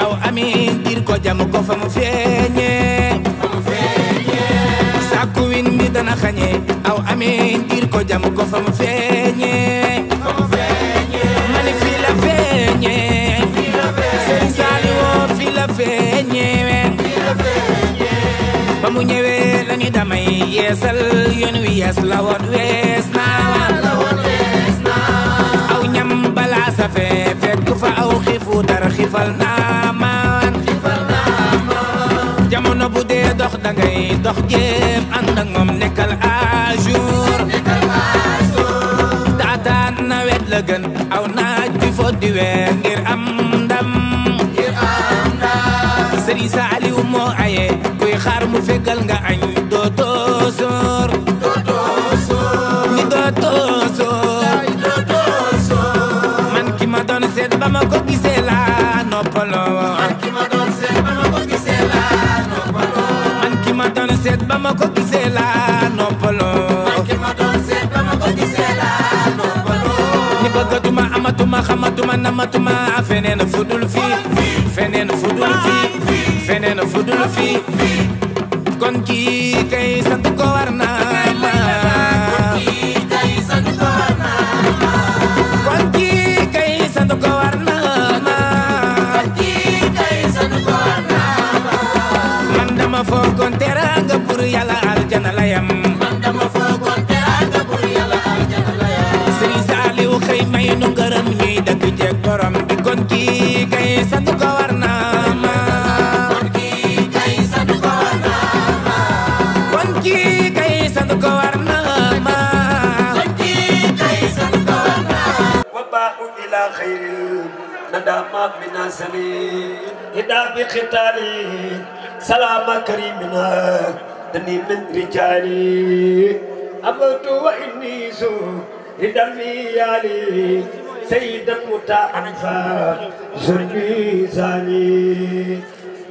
aw amin diir ko jàmm ko fa mu feeñee sàkku win mi dana xañee aw amin diir ko jàmm ko fa mu feeñee mani fii la feeñee sëñ Saaliwoo fii la feeñee ba mu ñëwee la ni damay yeesal yoon wi yees la woon wees naa aw ñam balaa safee da ngay dox jéem ànd ak moom nekkal à jour. nekkal à la gën aw naaj bi fo di weer ngir am ndam. ngir am ndam. Serigne moo kuy xaar mu fegal nga añ. seet ba ma ko gisee laa noppaloo. ba ma ko gisee laa noppaloo. ni bëggatuma amatuma xamatuma namatuma fudul fii. feneen fudul fii. feneen fudul fii. kon kii kay sant ko. من زمين هدا بختالي سلام كريمنا دني من رجالي أموت وإني زو لدمي علي سيدا متعنفا زرني زاني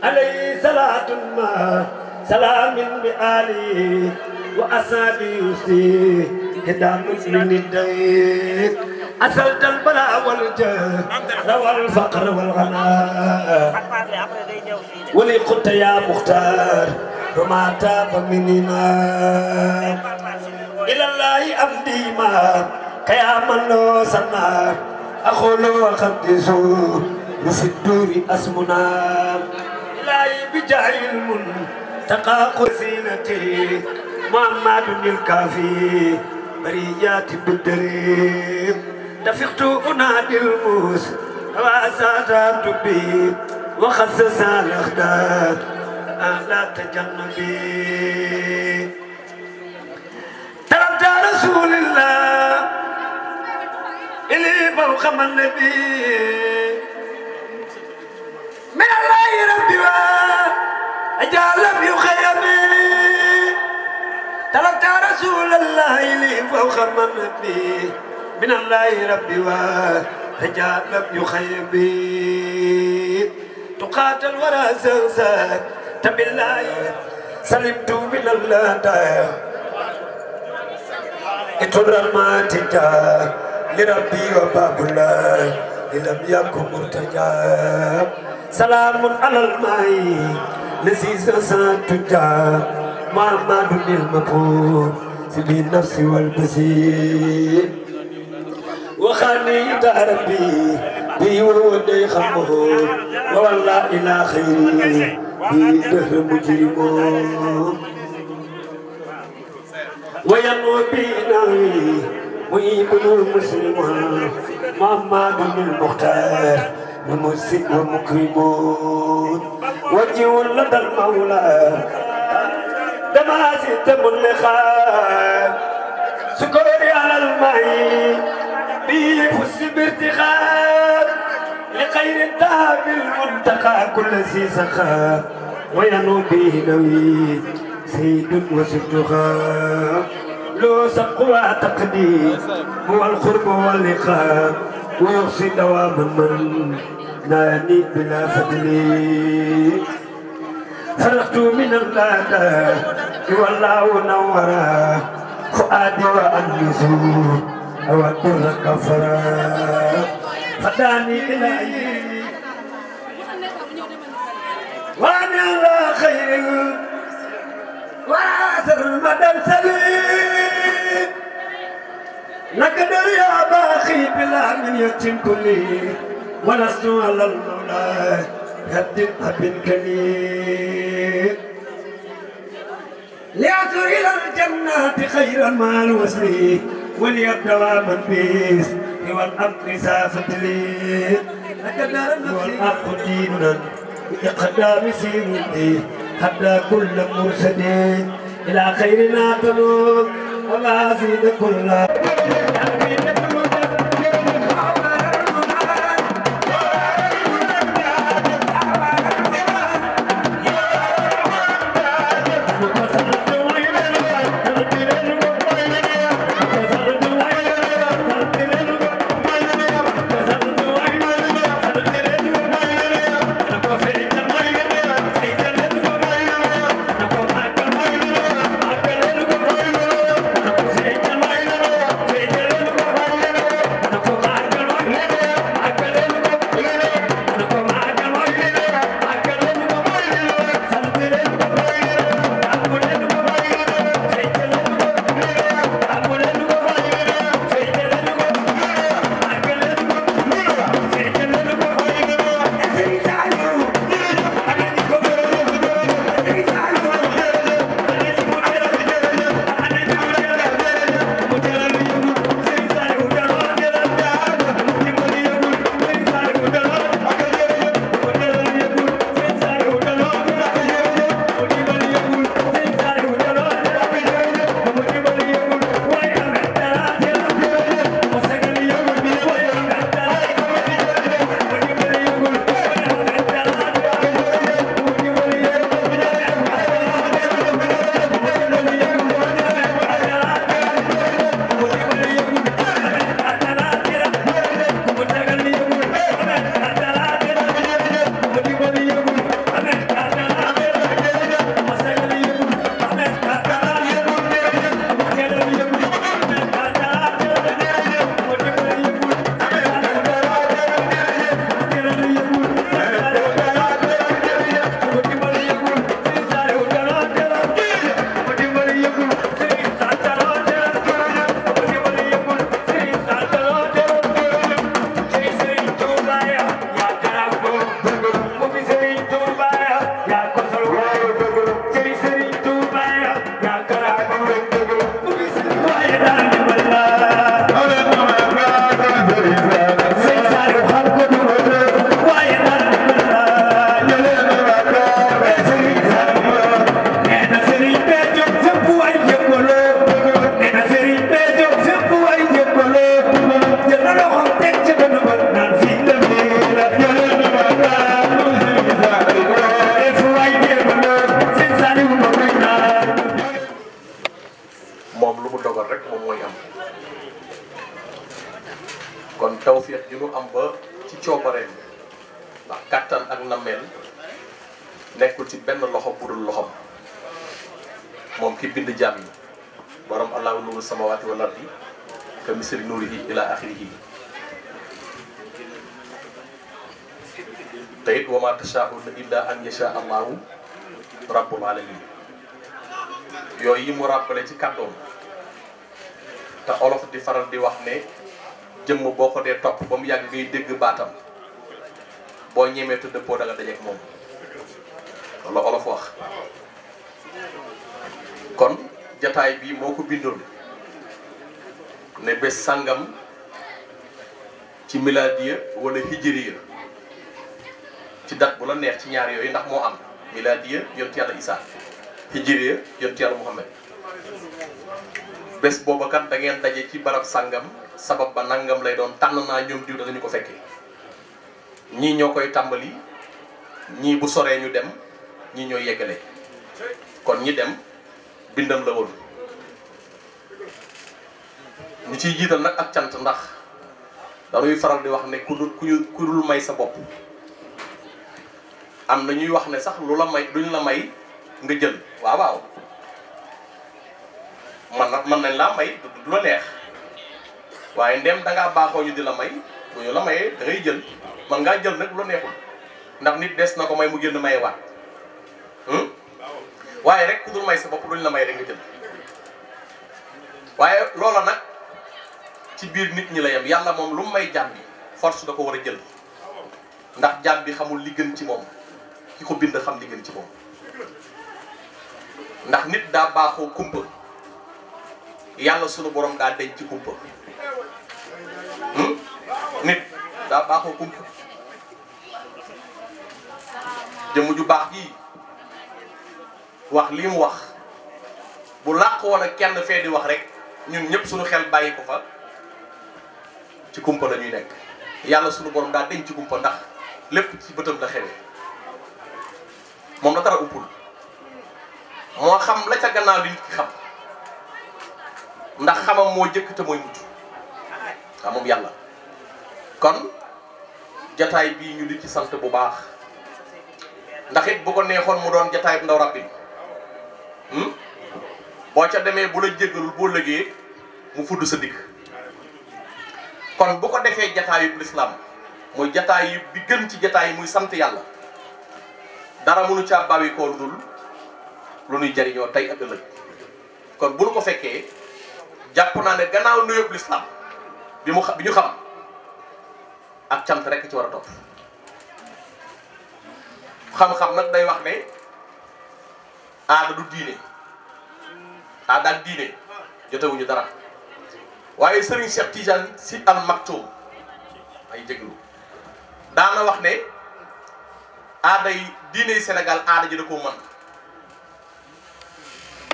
عليه صلاة ما سلام بآلي وأصابي يسي هدا من الدين أسلت البلاء والجاه والفقر والغناء ولي قلت يا مختار وما تاب مني ما إلى الله أمدي ما كياما لو سنا أقول وقدس وفي الدور أسمنا إلهي بجاه المنتقى قسينتي محمد الكافي بريات بالدريم تفقت أنادي الموس وأسادات بي وخصص الأخدار لا تجنبي طلبت رسول الله إلي فوق النبي من الله ربي أجعل يخيمي تركت رسول الله إلي فوق النبي من الله ربي ورجاء لم يخيب بي تقاتل ورا سنسك تب الله سلمت من الله دايا اتر ما تدا لربي وباب الله لم يكن مرتجا سلام على الماء لسيس سانتجا محمد المقبول سبي النفس والبسيط وخاني دربي بيودي خمه والله إلى خيري بيده مجرمون وينو بيناي ويبن المسلم بن المختار المسلم المكرمون وجه لدى المولى دماسي تملخا سكوري على المعين ربي يفز بارتخاء لخير انتهى بالمنتقى كل ذي سخاء وينوم به نوي سيد وسجخاء لو سقوى تقدير هو القرب واللقاء ويغصي دواما من ناني بلا فضل فرغت من الغادة والله نورا فؤادي وأنزور والبر كفر فداني إلهي وأنا على خير وعاثر سليم نقدر يا باخي بلا من يتم كلي ولست على المولى قد أب كليل لأثر إلى الجنة خير المال وسليم واليوم دوام بيس والأمر سافة لي والأخ ديننا بإقدام سير حتى كل مرسلين إلى خيرنا تنور وما زيد كل loxo bu dul loxom moom ki bind jaam yi borom allah nuru samawati wal ardi ka misli nurihi ila akhirih te wa ma tashaa'uuna illa an yasha allah rabbul alamin yoy yi mu rappelé ci kaddo ta olof di faral di wax ne jëm boko ko top bam ba ngay dégg batam bo ñëmé tëdd po da nga ak mom la olof wax kon jotaay bi moko bindul ne bes sangam ci miladiya wala hijriya ci dat bu la neex ci ñaar yoy ndax mo am miladiya yonti yalla isa hijriya yonti yalla Muhammad bes bobakan kan da ngeen daje ci barab sangam sabab ba nangam lay doon tan na ñoom diw danañu ko fekke ñi ñokoy tambali ñi bu soré ñu dem ñi ñooy yeggale kon ñi dem bindam la woon ñu ciy jiital nag ak cant ndax dañuy faral di wax ne ku dul ku dul may sa bopp am na ñuy wax ne sax lu la may duñ la may nga jël waaw waaw man nag mën nañ laa may du la neex waaye ndem dangaa baaxoo ñu di la may bu ñu la mayee da jël man ngaa jël nag lu la neexul ndax nit des na ko may mu génn maye waat waaye rek ku dul may sa bopp duñ la may rek nga jël waaye loola nag ci biir nit ñi la yem yàlla moom lu may jàmm bi force da ko war a jël ndax jàmm bi xamul li gën ci moom ki ko bind xam li gën ci moom ndax nit daa baaxoo kumpa yàlla sunu borom daa denc ci kumpa hmm? nit daa baaxoo kumpa jëmm ju baax bii wax lii mu wax bu làq wala kenn fee di wax rek ñun ñëpp suñu xel bàyyi ko fa ci kumpa la ñuy nekk yàlla suñu borom daal denc ci kumpa ndax lépp ci bëtam la xewee moom la dara uppul moo xam la ca gannaaw li nit ki xam ndax xamam moo jëkk te mooy mujj waaw moom yàlla kon jataay bii ñu di ci sant bu baax ndax it bu ko neexoon mu doon jataay bu ndaw rabbi Hmm? boo ca demee bu la jéggalul boo lëgee mu fudd sa dikk kon bu ko defee jataayub lislaam muy jataay bi gën ci jataay muy sant yàlla dara mënu caa bàyyi ko lu dul lu jariñoo tey ak ëllëg kon bu nu ko fekkee jàpp naa ne gannaaw nuyoob lislaam bi mu xam bi ñu xam ak cant rekk ci war a topp xam-xam nag day wax ne aada du diine aada ak diine jotewuñu dara waaye Serigne Cheikh Tidiane si al Maktoum ay jéglu daana wax ne aada yi diine Sénégal aada ji da koo mën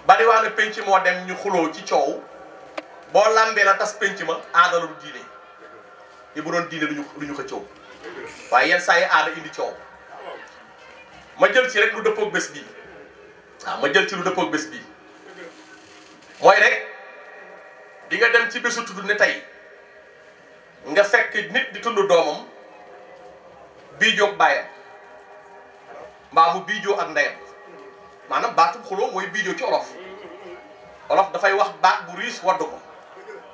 bariwaa ne penc moo dem ñu xuloo ci coow boo lambee la tas penc ma aada la du diine te bu doon diine duñu duñu ko waaye yenn saa yi aada indi coow ma jël ci rek lu dëppoog bés bii waaw ah, ma jël ci lu dëppoo bés bi mooy rek di nga dem ci bésu tudd ne tey nga fekk nit di tudd doomam bii jóg bàyyam mbaa mu bii jóg ak ndeyam maanaam baatub xuloo mooy bii ci olof olof dafay wax baat bu riis wadd ko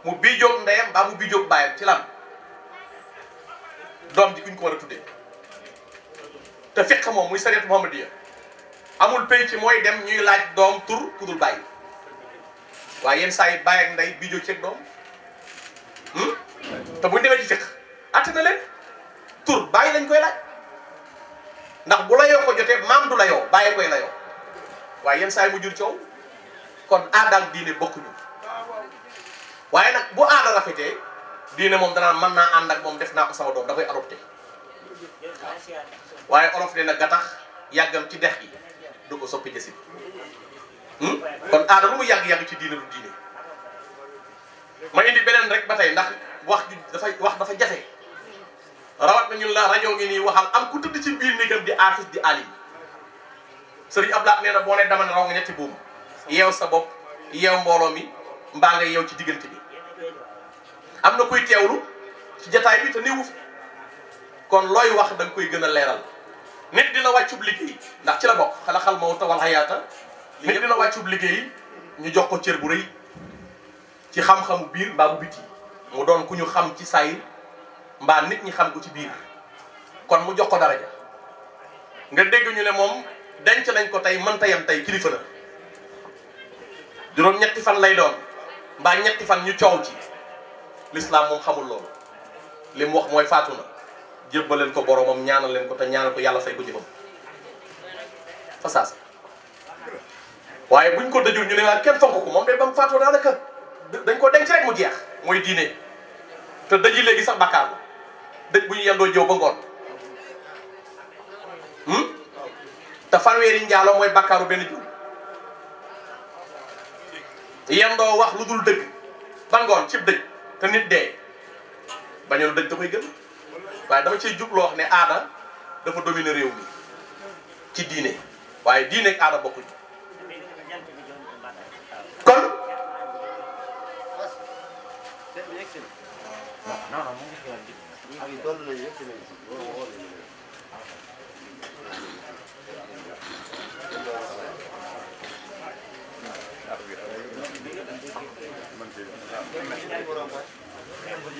mu bii jóg ndeyam mbaa mu bii jóg bàyyam ci lan doom ji kuñ ko war a tuddee te fiq moom muy sariat muhammadiya amul penc mooy dem ñuy laaj doom tur ku dul bàyyi waaye yenn saa yi bàyyi ak ndey bijoo ceeg doom hmm? te buñ demee ci fiq atte na tur bàyyi lañ koy laaj ndax bu layoo ko jotee maam du layoo bàyyi koy layoo waaye yenn saa yi mu jur coow kon aadaal diine bokkuñu waaye nag bu aada rafetee diine moom danaa mën naa ànd ak moom def naa ko sama doom da koy adopté waaye olof de nag gattax yàggam ci dex gi du ko soppi jësin hmm? kon aada yàgg-yàgg ci diine du diine ma indi beneen rek ba tey ndax wax ju dafa wax dafa jafe rawat na ñun la rajo ngi nii waxal am ku ci biir néegam di artiste di alim sëriñ Abdoulaye nee na boo ne dama ne raw nga ñetti buum yeew sa bopp yeew mbooloo mi mbaa nga ci diggante bi am na kuy teewlu ci jataay bi te néewu fi kon looy wax da koy gën a leeral nit dina wàccub liggéey ndax ci la bokk xalaxal mawta wal hayaata nit dina wàccub liggéey ñu jox ko cër bu rëy ci xam-xamu biir mbaa bu biti mu doon ku ñu xam ci say mbaa nit ñi xam ko ci biir kon mu jox ko daraja nga dégg ñu ne moom denc lañ ko tey mënta yem tey kilifa la juróom ñetti fan lay doon mbaa ñetti fan ñu coow ci lislaam moom xamul loolu li wax mooy faatu na jébbaleen ko boromam ñaanal leen ko te ñaanal ko yàlla fay ko jëfam fa saasa waaye buñ ko dëjul ñu ne waa kenn fonk ko moom day bam mu faatoo naka dañ ko denc rek mu jeex mooy diine te dëji léegi sax bakkaar la dëj bu ñu yendoo jëw ba ngoon hmm? te fanweeri njaaloo mooy bakkaaru benn jiw yendoo wax lu dul dëgg ba ngoon cib dëj te nit dee bañoon dëj da koy gën waaye dama ciy jubloo wax ne aada dafa dominer réew mi ci diine waaye diine ak aada bokkuñu kon non non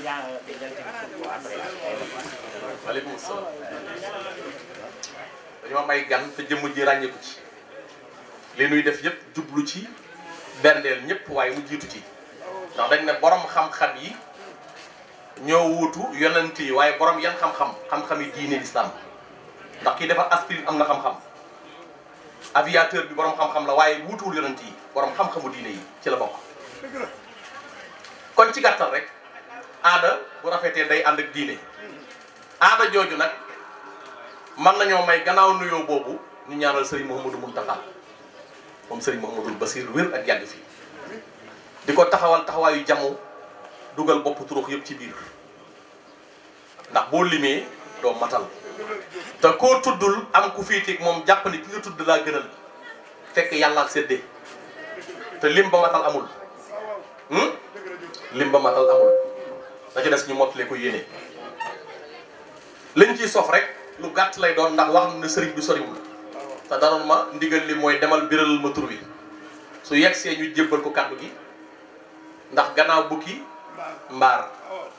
waaleykum salaam dañoo may gan te jëmm ji ràññeeku ci li nuy def yëpp jublu ci berndeel ñëpp waaye mu jiitu ci ndax dañ ne borom xam-xam yi ñoo wuutu yonent yi waaye borom yan xam-xam xam-xam yi diine lislaam ndax kii defar aspirine am na xam-xam aviateur bi borom xam-xam la waaye wuutuwul yonent yi borom xam-xamu diine yi ci la bokk kon ci gàttal rek. Ada bu rafetee day and ak diine aada joju nak man nañu may gannaaw nuyo bobu ñu ñaanal Serigne mohamoudou muntaha mom Serigne mohamoudou basir ak fi di taxawal taxawayu jamu dugal bop turux yeb ci biir ndax bo limé do matal ta ko tuddul am ku fiti mom japp ni ki nga tudd la gënal fekk yalla sédé te lim matal amul lim ba matal amul hmm? da ci dess ñu motlé ko yéné liñ ci sof rek lu gatt lay doon ndax wax na sëriñ bi sori wul ta daron ma ndigal li moy demal biral ma tur wi su yexé ñu jébbal ko kaddu gi ndax gannaaw bukki mbaar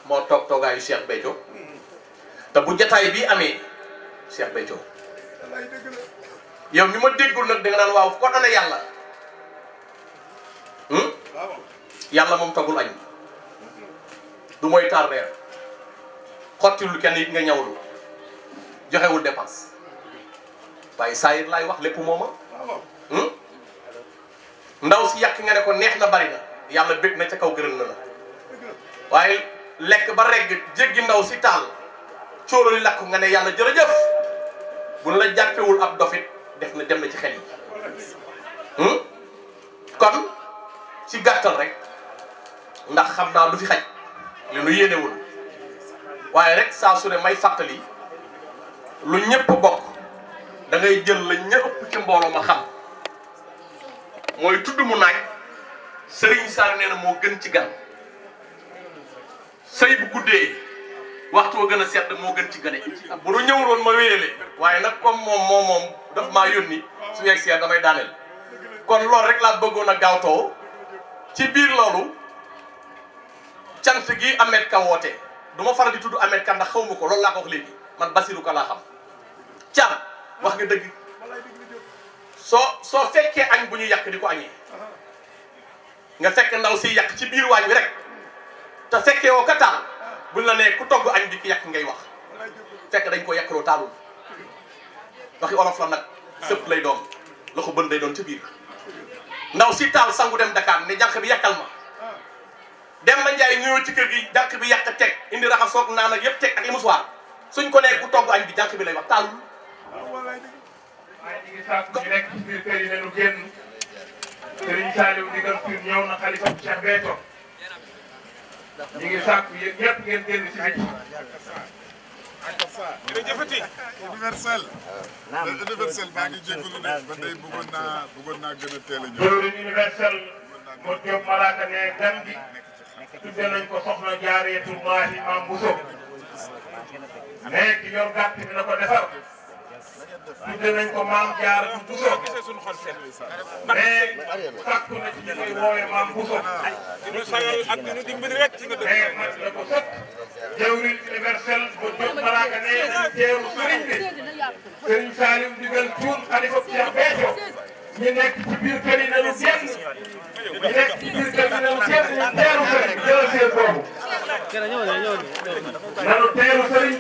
moo toog toogaayu Cheikh bejo ta bu jotaay bi amé Cheikh bejo yow ñuma déggul nak da nga naan waaw ko kon yalla hmm yalla mom toggul añ du mooy tardeer xottilul kenn it nga ñawlu joxewul dépense waaye saayir laay wax lépp mooma hmm? ndaw si yàq nga ne ko neex na bari na yàlla bég na ca kaw gërëm na la waaye lekk ba regg jéggi ndaw si taal cóolo li lakk nga ne yàlla jërëjëf bu la jàppewul ab dofit def na dem na ci xel yi hmm? kon ci gàttal rek ndax xam naa lu fi xaj li nu yéenewul waaye rek saa su ne may fàttali lu ñëpp bokk da ngay jël la ña ëpp ci mbooloo ma xam mooy tudd mu naaj sëriñ Saar nee na moo gën ci gan sëy bu guddee waxtu wa gën a sedd moo gën ci gane bu nu ñëwul woon ma wéyale waaye nag comme moom moom moom daf maa yónni su yegsee damay daaneel kon loolu rek laa bëggoon a gaawtoo ci biir loolu cant gi Ahmed Ka woote du ma faral di tudd Ahmed Ka ndax xawma ko loolu laa ko wax léegi man Basirou Ka laa xam Thiam wax nga dëgg soo soo fekkee añ bu ñuy yàq di ko añee nga fekk ndaw si yàq ci biir waañ wi rek te fekkee woo ka taal buñ la nee ku togg añ bi ki yàq ngay wax fekk dañ ko yàqloo taalul waxi nag sëpp lay doon loxo bën day doon ci biir ndaw si taal sangu dem Dakar ne jànq bi yàqal ma Demba Ndiaye ñëw ci kër gi jànq bi yàq teg indi raxasoog naan ak yëpp teg ak émoussoir suñ ko nee ku togg añ bi jànq bi lay wax taalul. waaye ñu ngi sàkku ñu nekk ci biir kër yi ne nu génn Serigne Saliou ndigal piir ñëw na xalifa Cheikh Béthio ñu ngi sàkku yéen ñëpp ngeen génn ci biti. jërëjëfati universel universel maa ngi jégalu ne ba tey bëggoon naa bëggoon naa gën a teel a ñëw universel mo jom malaaka ne gan bi tuddee nañ ko soxna Jaareetullaahi Maam Bousso mais ki yor gàtt bi na ko defar tuddee nañ ko Maam Jaaratu Bousso mais sàkku na ci ñu koy woowee Maam Bousso ñu sagal ak ñu dimbali rek ci nga mais mat na ko sëkk jawriñ universel ba jóg malaaka ne teeru sëriñ bi sëriñ Saliou ndigal Cuun xalifa Cheikh Béthio ñu nekk ci biir kër yi nañu génn ñu nekk ci biir kër gi nag teeru teeru kër gi jëlal seen boobu. nanu teeru sëriñ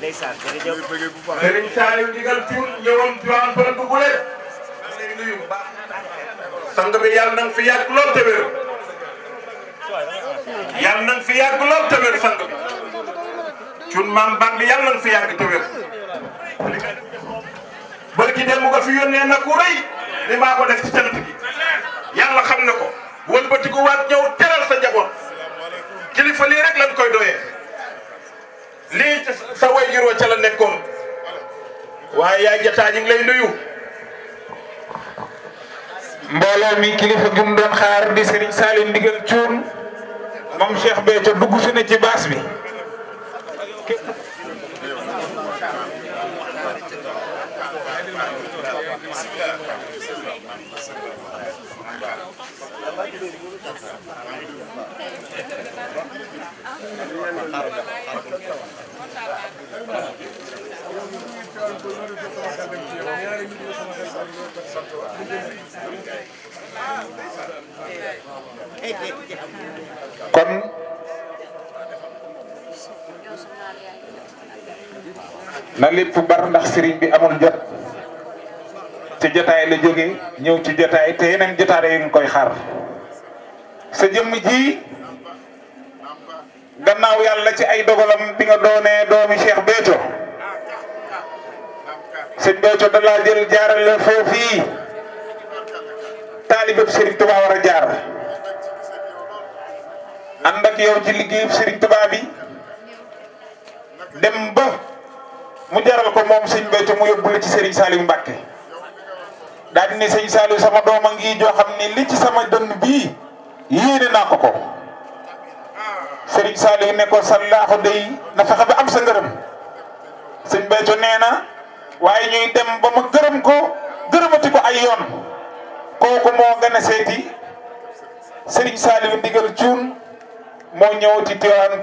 bi. sëriñ Saliou ndigal tur ñëwam diwaan bërëb bu gulee. sang bi yàlla na nga fi yàgg lool te wér. yàlla na nga fi yàgg lool te wér sang bi. cun maam bànn yàlla na nga fi yàgg te wér. bërki dem bu ko fi yónnee na ku rëy. ni maa ko yàlla xam na ko wëlbatiku waat ñëw teral sa njaboot kilifa lii rek lañ koy doyee lii sa way juroo ca la nekkoon waaye yaay jataa ngi lay nuyu mbooloo mi kilifa gi mu doon xaar di Serigne Salim ndigal cuun moom Cheikh Béthio dugg si na ci baas bi na lépp bar ndax sëriñ bi amul jot ci jotaay la jóge ñëw ci jotaay te yeneen jotaay yi koy xaar sa jëmm ji gannaaw yàlla ci ay dogalam bi nga doonee doomi Cheikh Béthio sëñ Béthio dala laa jël jaarale foofii taalibab Serigne Touba war a jaar ànd ak yow ci liggéey Serigne Touba bi dem ba. mu jaral ko moom sëñ Béthio mu yóbbu la ci Serigne Saliou Mbacke daal di ne sëñ Saliou sama doom a ngi joo xam ne li ci sama dënn bii yéene naa ko ko sëriñ Saliou ne ko sallaaxu day na fexe ba am sa ngërëm sëñ Béthio nee na waaye ñuy dem ba ma gërëm ko gërëmati ko ay yoon kooku moo gën a seeti Serigne Saliou ndigal cuun moo ñëw ci Tivaouane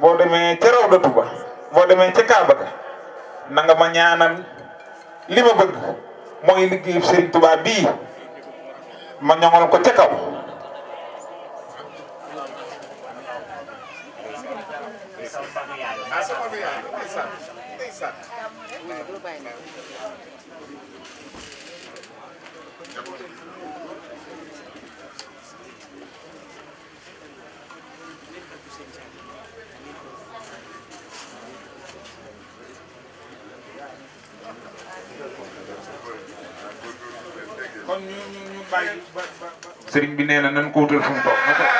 boo demee ca rawdatu ba boo demee ca Kaaba na nga ma ñaanal li ma bëgg mooy liggéeyu Serigne Touba bii ma ñoŋal ko ca kaw. sëriñ bi nee na nan ko wutal fu mu toog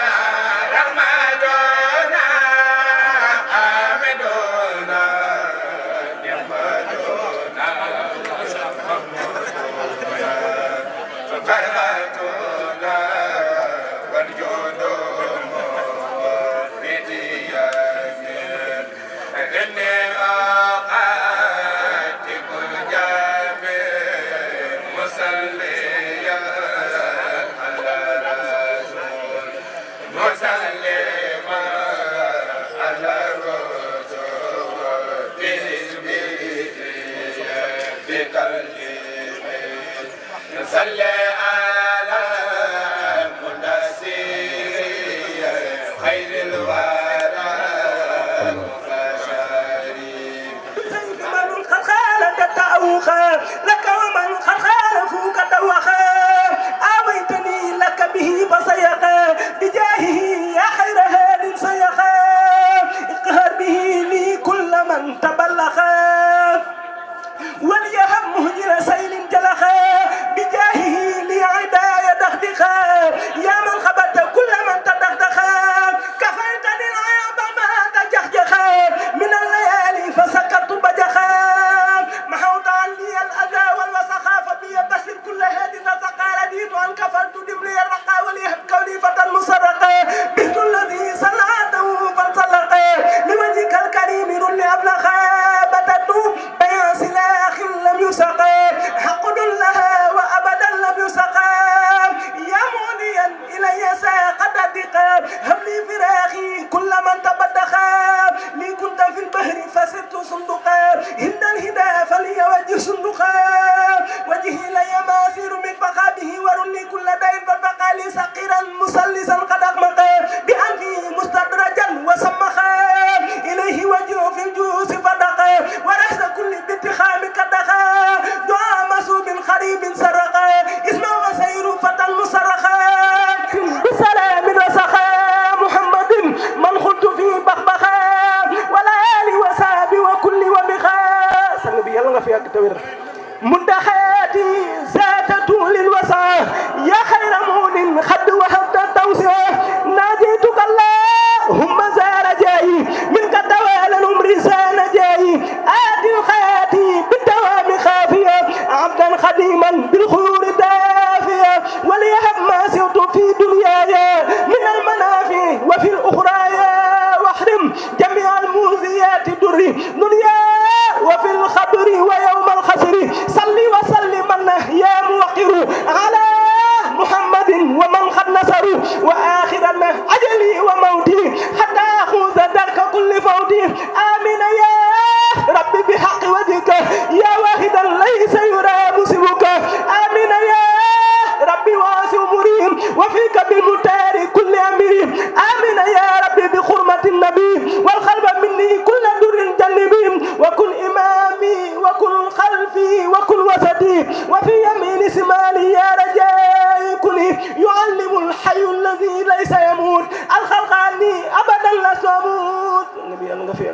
nga fi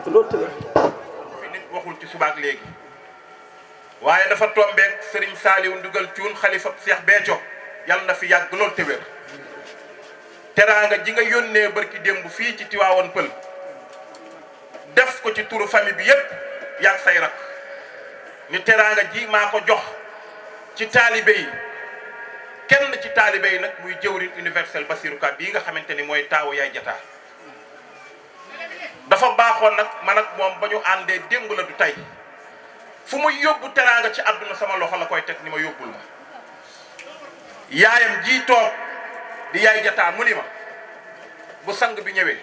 waxul ci subaak léegi. waaye dafa tombeek Serigne Saliou Ndugal Cuun xalifa Cheikh Béthio yàlla na fi yàgg lool te teraanga ji nga yónnee barki démb fii ci tiwaawan Pël def ko ci turu famille bi yépp yàgg say rak ni teraanga ji maa ko jox ci taalibe yi kenn ci taalibe yi nag muy jëwriñ universel Basirou Ka bii nga xamante ni mooy taawu yaay jataa dafa baaxoon nag man ak moom ba ñu àndee démb la du tey fu muy yóbbu teraanga ci àdduna sama loxo la koy teg ni ma yóbbul ma yaayam jii toog di yaay jataa mu ni ma bu sang bi ñëwee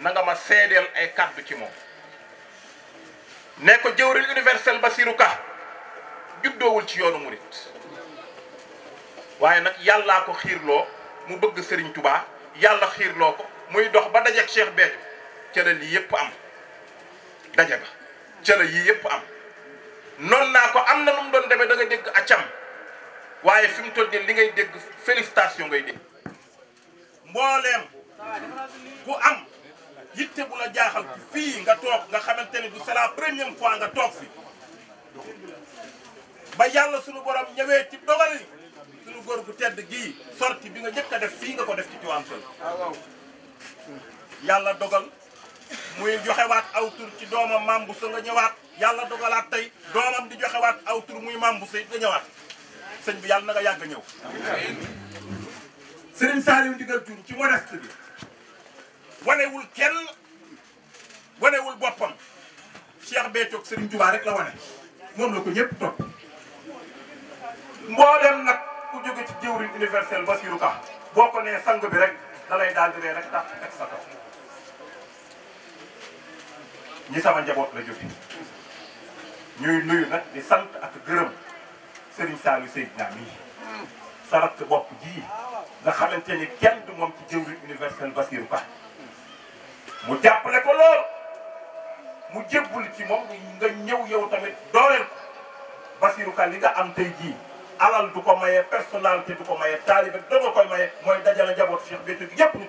na ma seedeel ay kàddu ci moom ne ko jëwriñ universel Basiru Ka juddoowul ci yoonu murit waaye nag yàllaa ko xiirloo mu bëgg Sëriñ Tubaa yàlla xiirloo ko muy dox ba dajeek Cheikh Béthio ca la lii yëpp am daje ba ca la yii yëpp am non naa ko am na nu mu doon demee da nga dégg acam waaye fi mu toll li ngay dégg félicitation ngay dégg mbooleem ku am yitte bu la jaaxal fii nga toog nga xamante ni du c'est la première fois nga toog fi ba yàlla sunu borom ñëwee ci dogal sunu góor gu tedd gii sorti bi nga njëkk a def fii nga ko def ci Tivaouane Peulh yàlla dogal muy wat aw tour ci doomam maam bu sa nga ñëwaat yàlla dogalaat tey doomam di wat aw tour muy mambu sey nga ñewat señ bi yalla na nga yàgg ñëw sëriñ Saliou Ndigal tour ci modeste bi wanewul kenn wanewul bopam Cheikh Béthio señ Touba rek la woné mom la ko ñëpp topp mboolem nak ku joge ci diwri universel basiruka boko boo sang bi rek dalay dal di rek tax ak sa ñi sama njaboot la jóge ñuy nuyu nag di sant ak gërëm Serigne Seydina sarat bopp ji nga xamante ni kenn du ci universel mu jàppale ko lool mu jébbul ci nga yow tamit ko li nga am alal du maye personnalité maye koy maye ñu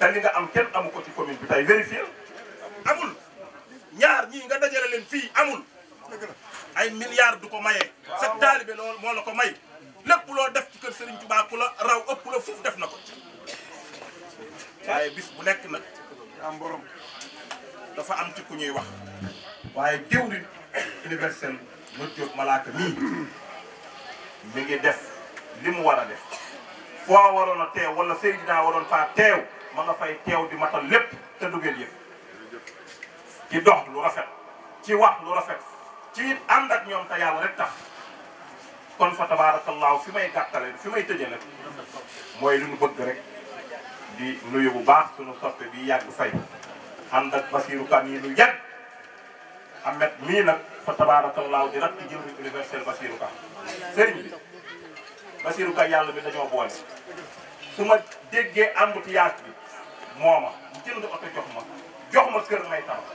te li nga am kenn amuko ci commune bi tey vérifier amul ñaar ñii nga dajale leen fii amul ay milliards du ko maye. sa taalibe lool moo la ko may lépp loo def ci kër sëriñ Touba ku la raw ëpp la fuuf def na ko waaye bis bu nekk nag am dafa am ci ku ñuy wax waaye diwlin universel ma jóg malaaka mii mi ngi def li mu war a def foo waroon a teew wala Seydina waroon faa teew ma nga fay teew di matal lépp te duggeel yëpp ci dox lu rafet ci wax lu rafet ci it ànd ak ñoom te rek tax kon fa tabaarakallaahu fi may gàttale fi may tëje nag mooy lu ñu bëgg rek di nuyu bu baax suñu soppe bi yàgg fay ànd ak Basiiru Kan yi lu yàgg Ahmed mii nag fa tabaarakallaahu di rak ci jëwriñ universel Basiiru Kan bi Basiiru Kan yàlla bi dañoo boole su ma déggee embouteillage bi moo ma jënd oto jox ma jox ma kër may tax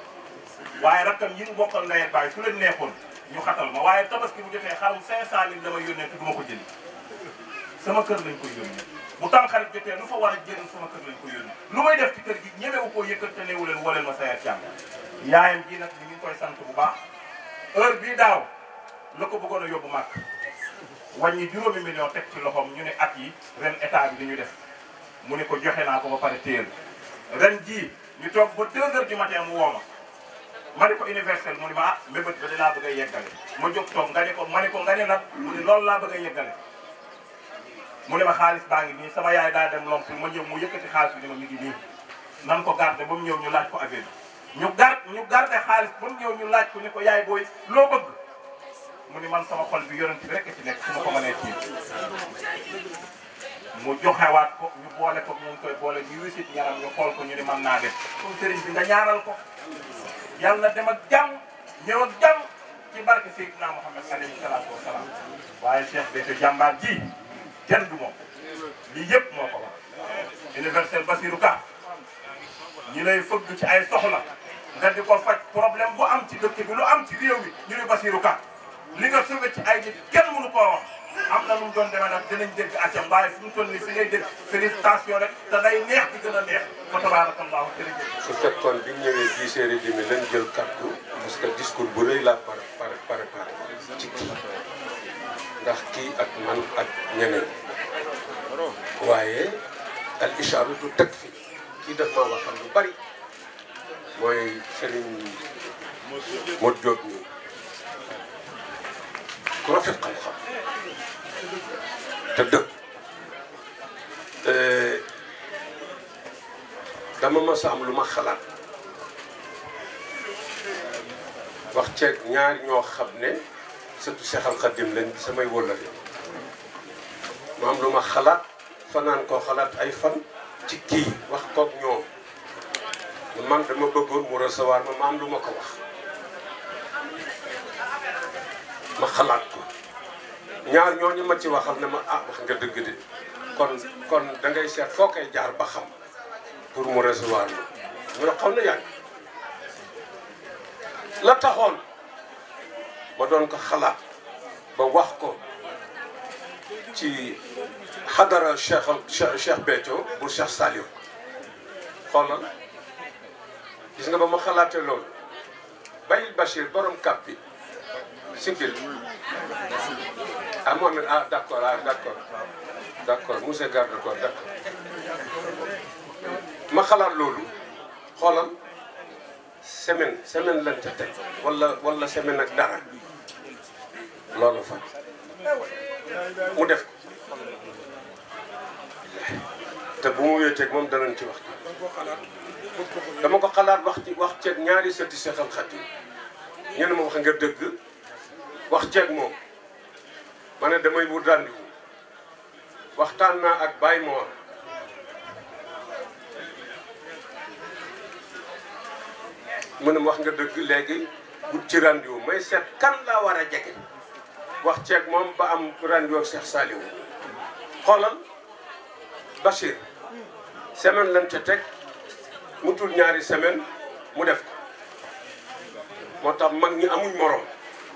waaye rakkam yi ñu bokkal ndey baay su leen neexoon ñu xatal ma waaye tabaski bu jotee xarum 500000 damay yónnee te du ma ko jëli sama kër lañ koy yónnee bu tànqalit jotee lu fa war a jënd sama kër lañ koy yónnee lu may def ci kër gi ñemewu koo yëkkate newu leen woo leen ma sayar càmm yaayam ji nag ñu ngi koy sant bu baax heure bii daaw la ko bëggoon a yóbbu màkk wàññi juróomi million teg ci loxoom ñu ne at yi état bi li ñu def mu ne ko joxe naa ko ba pare téyel ren jii ñu toog ba 2 heures du matin mu woo ma ma ko universel mu ne ma ah ba de laa bëgg yeggale ma jóg toog nga ne ko ma ne ko nga ne nag mu ne loolu laa bëgg yeggale mu ne ma xaalis baa ngi nii sama yaay daa dem lomp ma ñëw mu yëkkati xaalis bi ne ma mi ngi nii nan ko garde ba mu ñëw ñu laaj ko affaire bi ñu gar ñu garde xaalis ba mu ñëw ñu laaj ko ni ko yaay booy loo bëgg mu ne man sama xol bi yonent bi rek ci nekk su ma ko mënee tiim mu joxewaat ko ñu boole ko mu ngi koy boole ñu wisit yaram ñu xool ko ñu ni mën naa def kon sëriñ bi nga ñaanal ko yàlla na dem ak jàmm ñëw ak jàmm ci barke Seydina Muhammad alayhi salaatu wa salaam waaye Cheikh Béthio jàmbaar ji kenn du moom lii yëpp moo ko wax universel Basirou Ka ñi lay fëgg ci ay soxla nga di ko faj problème bu am ci dëkk bi lu am ci réew mi ñu ne Basirou Ka li nga sauvé ci ay nit kenn mënu koo wax am na lu mu doon demee nag dinañ dégg àccam waaye fu mu toll nii fi ngay dégg rek te neex di gën a neex fa tabaarakallahu jërëjëf. su fekkoon bi ñëwee dix heures et demi jël kàddu parce que discours bu rëy laa pare pare pare pare kii ndax kii ak man ak ñeneen waaye al ishaaratu teg fi kii daf maa waxal lu bari mooy Serigne Modou Diop ñi ku rafet xam-xam te dama mës a am lu ma xalaat wax ceeg ñaar ñoo xam ne surtout Cheikh Al Khadim lañ samay wóllare ma am lu ma xalaat fanaan koo xalaat ay fan ci kii wax kook ñoom man dama bëggoon mu recevoir ma ma am lu ma ko wax ma xalaat ko ñaar ñoo ñi ma ci waxal ne ma ah nga dëgg de kon kon da ngay seet foo koy jaar ba xam pour mu recevoir ñu mu ne xaw yàgg la taxoon ma doon ko xalaat ba wax ko ci xadara cheikh cheikh Béthio bu cheikh Saliou xoolal gis nga ba ma xalaatee loolu bayil Bachir borom kàpp bi siggil ah moom it ah d' accord ah d' accord d' accord monsieur garde corps d' accord ma xalaat loolu xoolal semaine semaine lañ ca teg wala wala semaine ak dara loolu fa mu def ko te bu mu wéeteeg moom danañ ci wax dama ko xalaat wax ci wax ceeg ñaari sëti seexal xat yi ñu ne ma wax nga dëgg wax ceeg moom ma ne damay wut rendez waxtaan naa ak Baye Mor mënum wax nga dëgg léegi wut ci rendez may seet kan laa war a jege wax ceeg moom ba am rendez-vous ak Cheikh Saliou xoolal Bachir semaine lañ ca teg mu tul ñaari semaine mu def ko moo tax mag ñi amuñ morom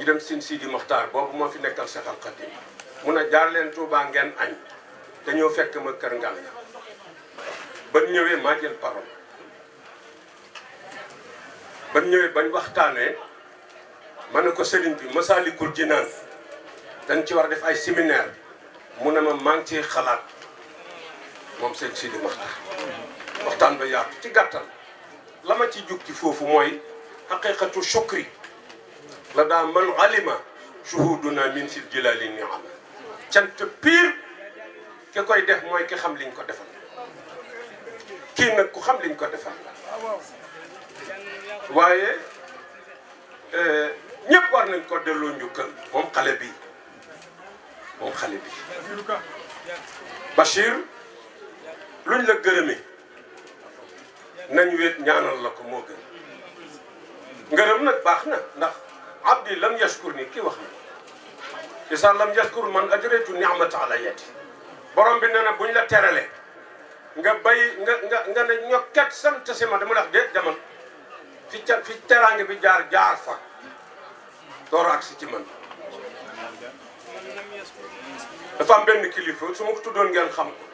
ñu dem sin Sidi Mokhtar boobu moo fi nekkal Cheikh Al Khadim mun a jaar leen Touba ngeen añ dañoo fekk ma kër ngal na ban ñëwee maa jël parole ban ñëwee bañ waxtaanee ma ne ko sëriñ bi Masaalikul Jinaan dañ ci war def ay séminaire mu ne ma maa ngi ciy xalaat moom sëñ Sidi Mokhtar waxtaan ba yaatu ci gàttal la ma ci jukki foofu mooy xaqiqatu shukri لدى من علم جهودنا من في الجلال النعم تانت بير كيكوي ديف موي كي خام لي كو كي نك كو خام لي كو ديفال وايي ا اه، نيب وار نان كو دلو نيوكل موم خالي بي موم خالي بي بشير لون لا گرمي نان ويت نيانال لاكو مو گن گرم نك باخنا نخ abdi lam yashkur ni kii wax na isa lam yashkur man ajraytu ni'mata alayati borom bi nee na buñ la terale nga bay nga nga nga ne ñokket sant si ma dama dax déet demal teraange bi jaar jaar fa door ak si ci man dafa am benn kilifa su ma ko tuddoon ngeen xam ko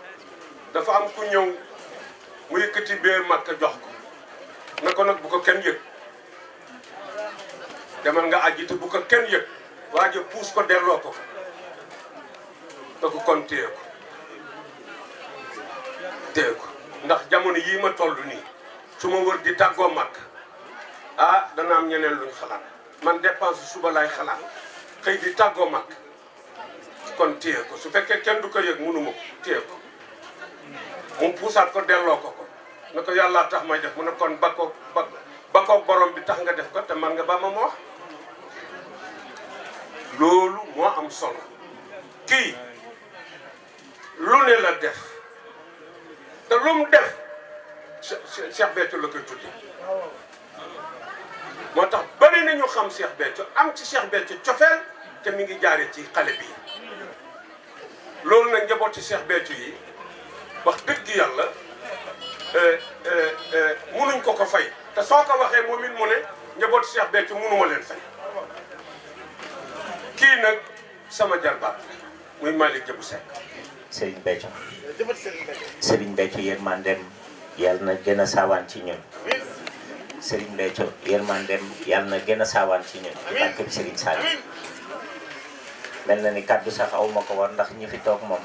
dafa am ku ñëw mu yëkkati bee Makka jox ko na ko nag bu ko kenn yëg demal nga aji tu bu ko ya, wajib yek waji ji ko derlo ko fa ko kon téye ko téye ko ndax jamono yi ma tollu ni suma wër di taggo mak ah dana am ñeneen luñ xalaat man dépense suba lay xalaat xey di taggo mak kon téye ko su fekke ken du ko yek ya, munuma ko ko mu puusaat ko derlo ko ko na tax may def mu ne ya kon bako borom bi tax nga def ko te man nga ba ma mo wax loolu moo am solo kii lu ne la def te lu mu def Cheikh Béthio la koy tudde moo tax bëri na ñu xam Cheikh Béthio am ci Cheikh Béthio cofeel te mi ngi jaare ci xale bi loolu nag njabooti Cheikh Béthio yi wax dëgg yàlla munuñ ko ko fay te soo ko waxee moom it mu ne njabooti Cheikh Béthio munuma leen fay kii nag sama jarbaat muy Malick Diabou Seck. Serigne Béthio Serigne Béthio yërmandeem yàlla na gën a saawaan ci ñun. Serigne Béthio yërmandeem na mel na ni kàddu sax awma ko war ndax ñi fi toog moom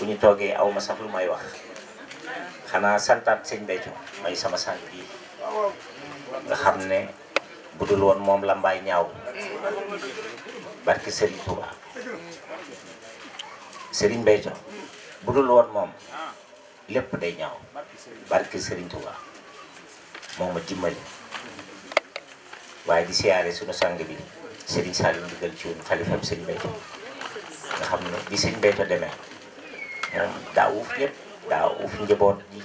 bu ñu toogee aw ma sax lu may wax xanaa santaat sëñ Béthio may sama sang bii nga xam ne budul woon moom la mbaay ñaaw. barki Serigne Touba Serigne Béthio bu dul woon moom lépp day ñaaw barki Serigne Touba moom a dimbali waaye di siyaare suñu sang bi Serigne Saliou ndigal ci woon xalifam Serigne Béthio nga xam ne bi Serigne Béthio demee moom daa uuf ñëpp daa uuf njaboot ji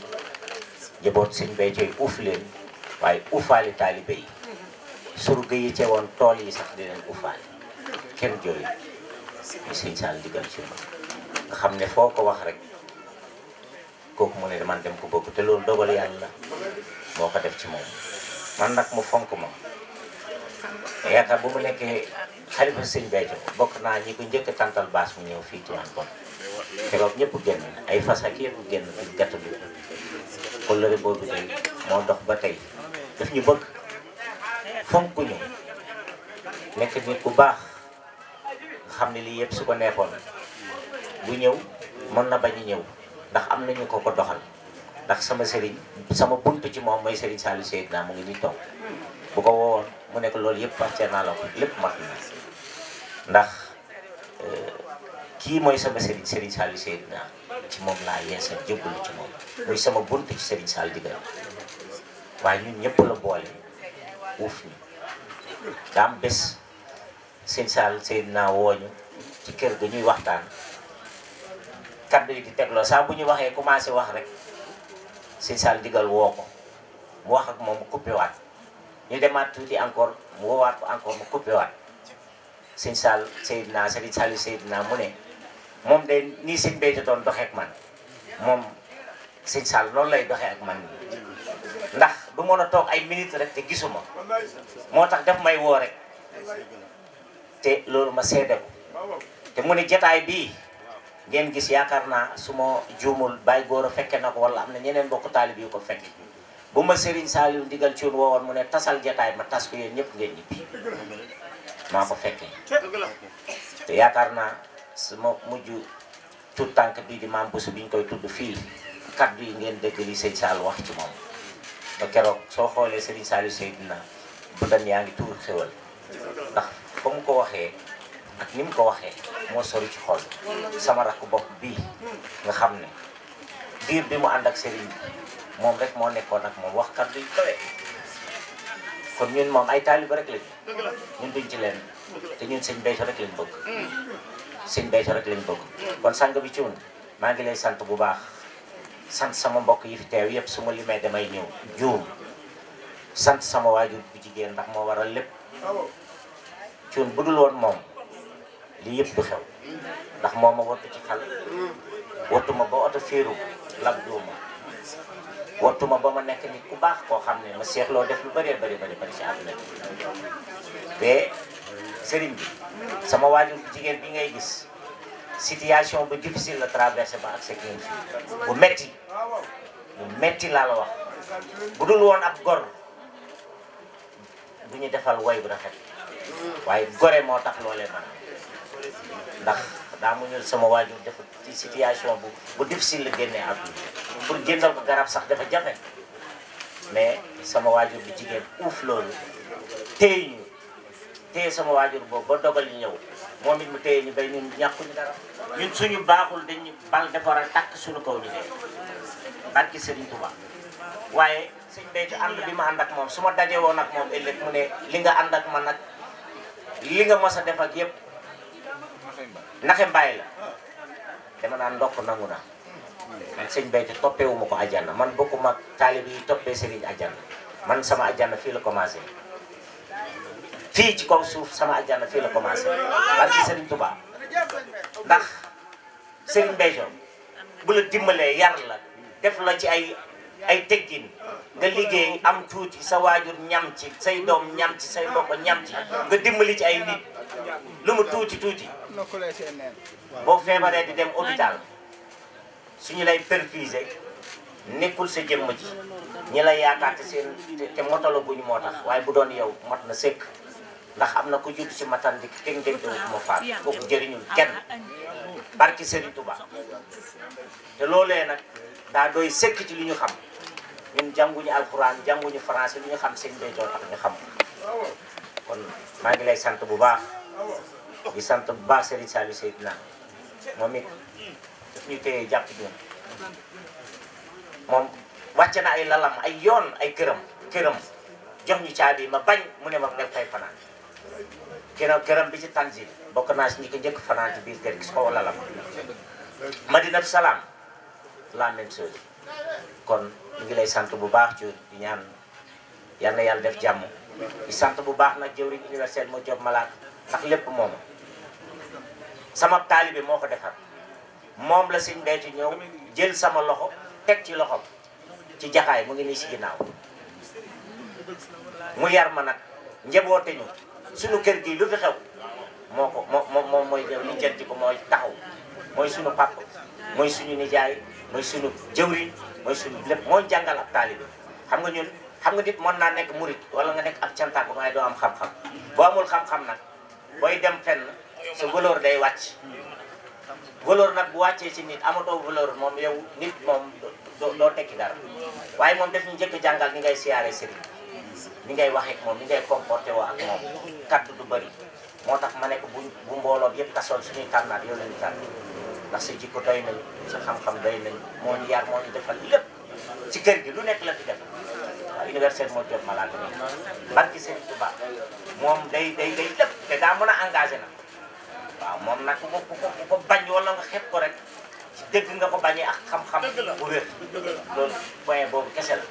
njaboot Serigne yi uuf leen waaye uufaali taalibe yi surga yi ceewoon tool yi sax di leen uufaali kenn jooyu lu sëñ Saal digal nga xam ne foo ko wax rek kooku mu ne man dem ko bokk te loolu dogal yàlla moo ko def ci moom man nag mu fonk ma yaakaar bu mu nekkee xalifa sëñ Béthio bokk naa ñi ko njëkk tantal baas mu ñëw fii Tiwaan kon te boobu génn ay fasak moo dox ba tey daf ñu bëgg fonk ñu nekk nit ku baax xam ne lii yëpp su ko neexoon bu ñëw mën na bañ a ñëw ndax am nañu ko ko doxal ndax sama sëriñ sama bunt ci moom mooy sëriñ Saliou Seydina mu ngi nii toog bu ko woowoon mu nekk loolu yëpp parcee naa la lépp mat na euh, kii mooy sama sëriñ sëriñ Saliou Seydina ci moom laa yeesal jébbalu ci moom muy sama bunt ci sëriñ Saliou digal waaye ñun ñëpp la boole wuuf ñu daa am bés sëñ Saal naa wooñu ci kër ga ñuy waxtaan kaddu yi di tegloo saa bu ñu waxee commencé wax rek sëñ Saal digal woo ko mu wax ak moom mu coupé ñu demaat tuuti encore mu woowaat ko encore mu coupé waat sëñ Saal Seydina sëñ Saal naa mu ne moom de nii sëñ Béthio doon ak man moom sëñ Saal noonu lay doxee ak man ndax du mën a toog ay minutes rek te gisuma moo tax daf may woo rek. te loolu ma seede ko te mu jotaay bi ngeen gis yaakaar sumo jumul bay juumul bàyyi góor fekke na wala amna ñeneen bokku talib yu ko fekke bu ma Serigne Saliou digal ci woowoon mu ne tasal jotaay ma tas ko yeen ñep ngeen ñi mako ko fekkee te yaakaar naa su ma mujj di mam bésu biñ koy tudd fi kaddu ngeen dégg li wax ci mom ba so xolé Serigne Seydina bu dañ yaangi tour xewal fa mu ko waxee ak ni mu ko waxee moo sori ci xol sama rakk bopp bii nga xam ne biir bi mu ànd ak sëriñ bi moom rek moo nekkoon ak moom wax kàddu yu kawe kon ñun moom ay taaliba rek lañu ñun duñ ci leen te ñun sëñ Béthio rek lañ bëgg sëñ Béthio rek lañ bëgg kon sang bi ciun maa ngi lay sant bu baax sant sama mbokk yi fi teew yëpp su ma limee damay ñëw juum sant sama waajur bu jigéen ndax moo waral lépp cuun bu dul woon moom lii yëpp du xew ndax moom ma wattu ci xal wattuma ba oto féeru lab duuma wattuma ba ma nekk nit ku baax koo xam ne ma seexloo def lu bëree bëri bëri bëri si àdduna bi te sëriñ bi sama wàll jigéen bi ngay gis situation bu difficile la traversé ba ak sa génn bu metti bu metti laa la wax bu dul woon ab gor bu ñu defal way bu rafet waaye gore moo tax loolee man ndax daa mu ñul sama waajur dafa ci situation bu bu difficile la génnee àdduna pour génnal ko garab sax dafa jafe mais sama waajur bi jigéen uuf loolu téye ñu téye sama waajur boobu ba dogal ñu ñëw moom it mu téye ñu bay ñun ñàkkuñu dara ñun suñu baaxul dañu bal dafa war a tàkk suñu kaw ñu dee barki Serigne Touba waaye sëñ béytu ànd bi ma ànd ak moom su ma dajee woon ak moom ëllëg mu ne li nga ànd ak man nag li nga masa a def ak mbaay la dama naan ndokk nangu na man sëñ Béthio ko àjjana man bokkuma ak taalib yi toppee sëriñ àjjana man sama àjjana fii la commencé fii ci kaw suuf sama àjjana fii la commencé war ci sëriñ Touba ndax sëriñ Béthio bu la dimbalee yar la def la ci ay ay teggin nga liggéey am tuuti sa waajur ñam ci say doom ñam ci say mbokk ñam ci nga dimbali ci ay nit lu mu tuuti tuuti boo feebaree di dem hôpital suñu lay perfuser nekkul sa jëmm ji ñi la yaakaar te seen te motala guñu moo tax waaye bu doon yow mot na sëkk ndax am na ko judd si matan di kenn dem dawut moo faat kooku jëriñul kenn barki Serigne Touba te loolee nag daa doy sëkk ci li ñu xam ñun jànguñu alcorane jànguñu français ñu xam seen béy joo ñu xam kon ma ngi lay sante bu baax di sante bu baax Serigne Saliou Seydina momit ñu téye japp ñun mom wacce na ay lalam ay yoon ay kërëm kërëm jox ñu ciabi ma bañ mu ne ma nek fay fanan këram kërëm bi ci Tanzil bokk na ci ñi jëk fanan ci biir kër gis ko lalam Madinatu salam la même chose kon mu ngi lay sant bu baax ci ñaan yal na yàlla def jàmm di sant bu baax nag jëwriñ universel moo job malaat ndax lépp moom sama taalibe moo ko defar moom la sëñ Béthio ñëw jël sama loxo teg ci loxom ci jaxaay mu ngi nii si ginnaaw mu yar ma nag njaboote ñu suñu kër gi lu fi xew moo ko moo moom mooy li jël ci ko mooy taxaw mooy suñu papa mooy suñu nijaay mooy suñu jëwriñ mooy suñu lépp moo jàngal ak talib xam nga ñun xam nga nit mën na nek murit wala nga nek ak cantaak ko ngay do am xam-xam bo amul xam-xam nak boy dem fenn su valeur day wacc valeur nak bu wacce ci nit amato valeur mom yow nit moom do tekki dara waye mom def ñu njëkk jangal ni ngay siaré sëri ni ngay waxee ak mom ni ngay comporté woo ak mom kat du bari motax ma nek bu mbolo yépp yëpp tasoon suñuy tànnaat yow ndax ci jikko tay na sa xam-xam day nañ moo ñu yar moo ñu defal lépp si kër gi lu nekk la fi defal waaw université moo jot malaaka bi barki sëñ Touba moom day day day te daa mën a engagé na waaw moom nag ku ko ku ko bañ wala nga xeeb ko rek ci dëgg nga ko bañee ak xam-xam bu wér loolu point boobu kese la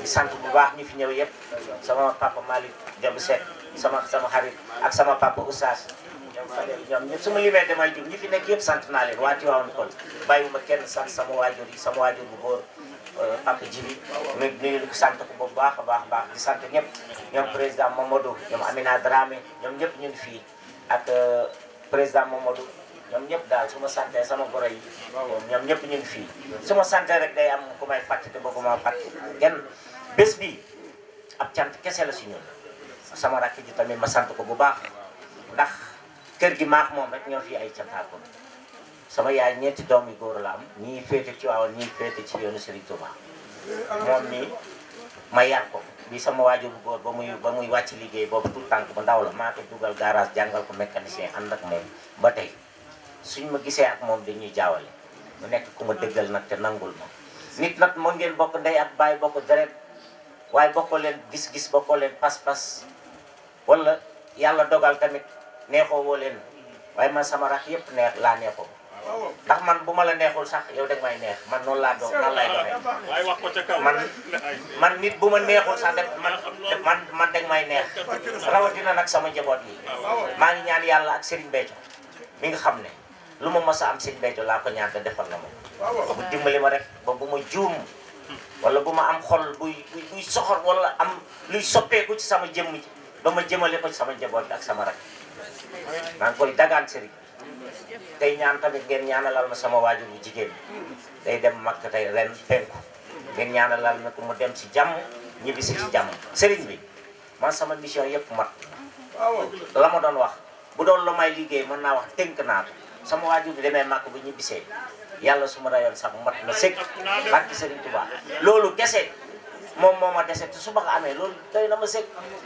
di sant bu baax ñu fi ñëw yëpp sama papa Malick Diaby Seck sama sama xarit ak sama papa Oustaz ñoom ñëpp su ma limee damay jub ñi fi nekk yëpp sant naa leen waa Tiwaawan kon bàyyiwuma kenn sant sama waajur yi sama waajur bu góor Papa Jibi ñu nuyu ko sant ko bu baax a baax baax sant ñëpp ñoom président Mamadou ñoom Amina Dramé ñoom ñëpp ñun fii ak président Mamadou ñoom ñëpp daal su ma santee sama goro yi ñoom ñëpp ñun fii su ma santee rek day am ku may fàtte te bokkuma fàtte kenn bés bi ab cant kese la si ñun sama rakk ji tamit ma sant ko bu baax kër gi maax moom rek ñoo fi ay cantaakoon sama yaay ñeenti doom yu góor la am ñii féete ci waaw ñii féete ci yoonu Serigne Touba moom nii ma yar ko bi sama waajur bu góor ba muy ba muy wàcc liggéey boobu tout tànk ba ndaw la maa ko dugal garage jàngal ko mécanicien ànd ak moom ba tey suñ ma gisee ak moom ñuy jaawale mu nekk ku ma dëggal nag te nangul ma nit nag moo ngeen bokk ndey ak bàyyi bokk deret waaye bokkoo leen gis-gis bokkoo leen pas-pas wala yàlla dogal tamit neexoo woo leen waaye man sama rax yëpp neex laa neexoo ndax man bu ma la neexul sax yow dag may neex man noonu laa doon noonu laay doxee man man nit ma neexul sax def man man man dag may neex rawatina nag sama njaboot yi maa ngi ñaan yàlla ak Serigne Béthio mi nga xam ne lu ma mos a am Serigne Béthio laa ko ñaan te defal na ma bu dimbali ma rek ba bu ma juum wala bu ma am xol buy buy soxor wala am luy soppeeku ci sama jëmm ji ba ma jëmale ko sama njaboot ak sama rak nang ngi koy dagaan sëriñ tay ñaan tamit gën ñaanalal ma sama waajur bu jigen day dem Makka tay ren penku gën ñaanalal na ko mu dem si jamm ñibi si ci jamm sëriñ bi ma sama mission yëpp mat la ma doon wax bu doon lamay may man na wax tenk na ko sama waajur bi demee Makka bu ñibi sé yalla suma rayon sax mat na sék barki sëriñ Tuubaa lolu kessé mom moma ma te su ma amé lolu tay na ma